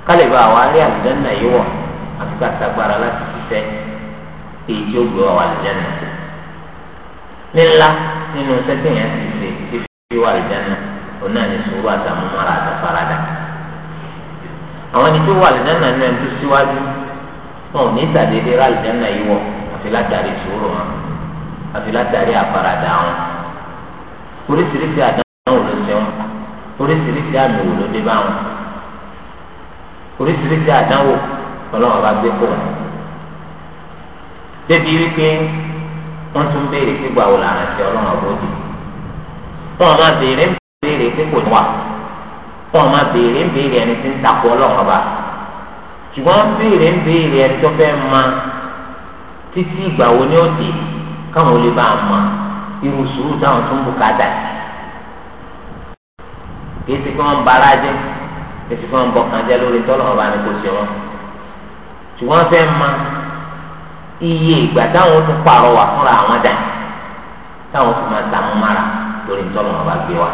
kálí bá wa rí àlùjọ́ náà yìí wọ̀ àti ká tagbára láti ṣiṣẹ́ èyí tí ó gbé wa àlùjọ́ náà sí. nílá nínú sẹ́kẹ̀yàn ti ṣe fífi wà lẹ́jọ́ náà òun náà ní sùúrù àtàmúmọ́ra àtàfaradà àwọn ẹni tó wà lẹ́nà náà ń tó síwájú wọn ò ní ìtàdédé rà lẹ́nà yìí wọ̀ àfi látàrí sùúrù wọn àfi látàrí àfaradà wọn oríṣiríṣi àdáhùn ló ṣe wọn oríṣiríṣi àmì wò ló dé bá wọn oríṣiríṣi àdánwò ọlọ́run bá gbé kó wọn. débi wípé wọ́n tún béèrè pé gbàwó làrán sí ọlọ́run ọ̀bọ̀dì wọ́n máa béèrè ń béèrè pé kò ní wà kọ́ ọ ma béèrè ń béèrè ẹni tí ń takò ọlọ́run ọba ṣùgbọ́n béèrè ń béèrè ẹni tó fẹ́ ma títí ìgbà wo ni ó dé káwọn olè bá a ma irú sùúrù táwọn tó ń bu kàdà kìí ti kí wọ́n bara jẹ́ kìí ti kí wọ́n bọkàn jẹ́ lórí tọ́lọ̀ ọba ni kò ṣe wọn ṣùgbọ́n fẹ́ ma iye ìgbà táwọn tó pààrọ̀ wà fúnra àwọn dà táwọn tó máa ta mọ́ lórí tọ́lọ̀ ọba gbé wa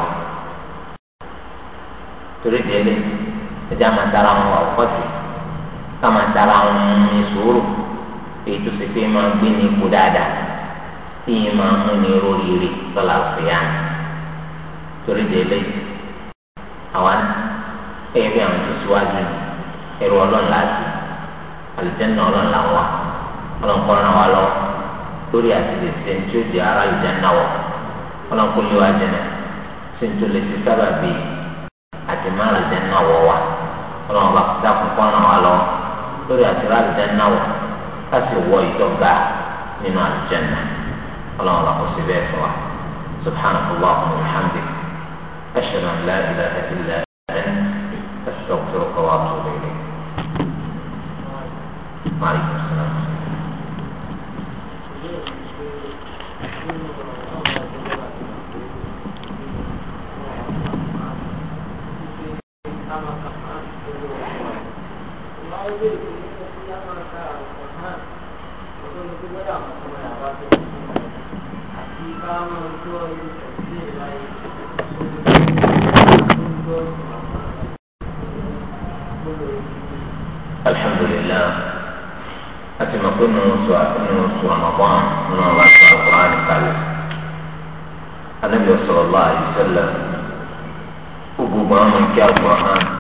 torí délé ẹjẹ àmà dára wọn àwòkọ́tì káàmà dára wọn ní sùúrù èyí tó ṣe pé máa gbé ní ipò dáadáa tí yìí máa mú ní rórìrì lọ́la òfìyàn torí délé àwa ẹ̀yẹ́ bí àwọn tó síwájú ẹ̀rọ ọlọ́run láti àlùjẹ́nà ọlọ́run làwọn ọlọ́run kọ́ ran wa lọ lórí àti lè ara àlùjẹ́nà wọ̀ ọlọ́run kò lè wá lè ṣe sábà bíi àti má àlùjẹ́ náà wọ̀ wá ọlọ́run bá kúta kúkọ́ náà wà lọ lórí àti má àlùjẹ́ náà wọ̀ láti wọ ìdọ́gba nínú àlùjẹ́ náà ọlọ́run bá kó sí bẹ́ẹ̀ fún wa subhanahu wa ta'ala alhamdulilayi ashhadu an la ilaha illa anta astaghfiruka wa atubu ilayk. الحمد لله أتم كل نصوى نصوى رمضان من الله القرآن قال النبي صلى الله عليه وسلم gbogbo àwọn ọmọ ìjà ọgbọ̀n hàn.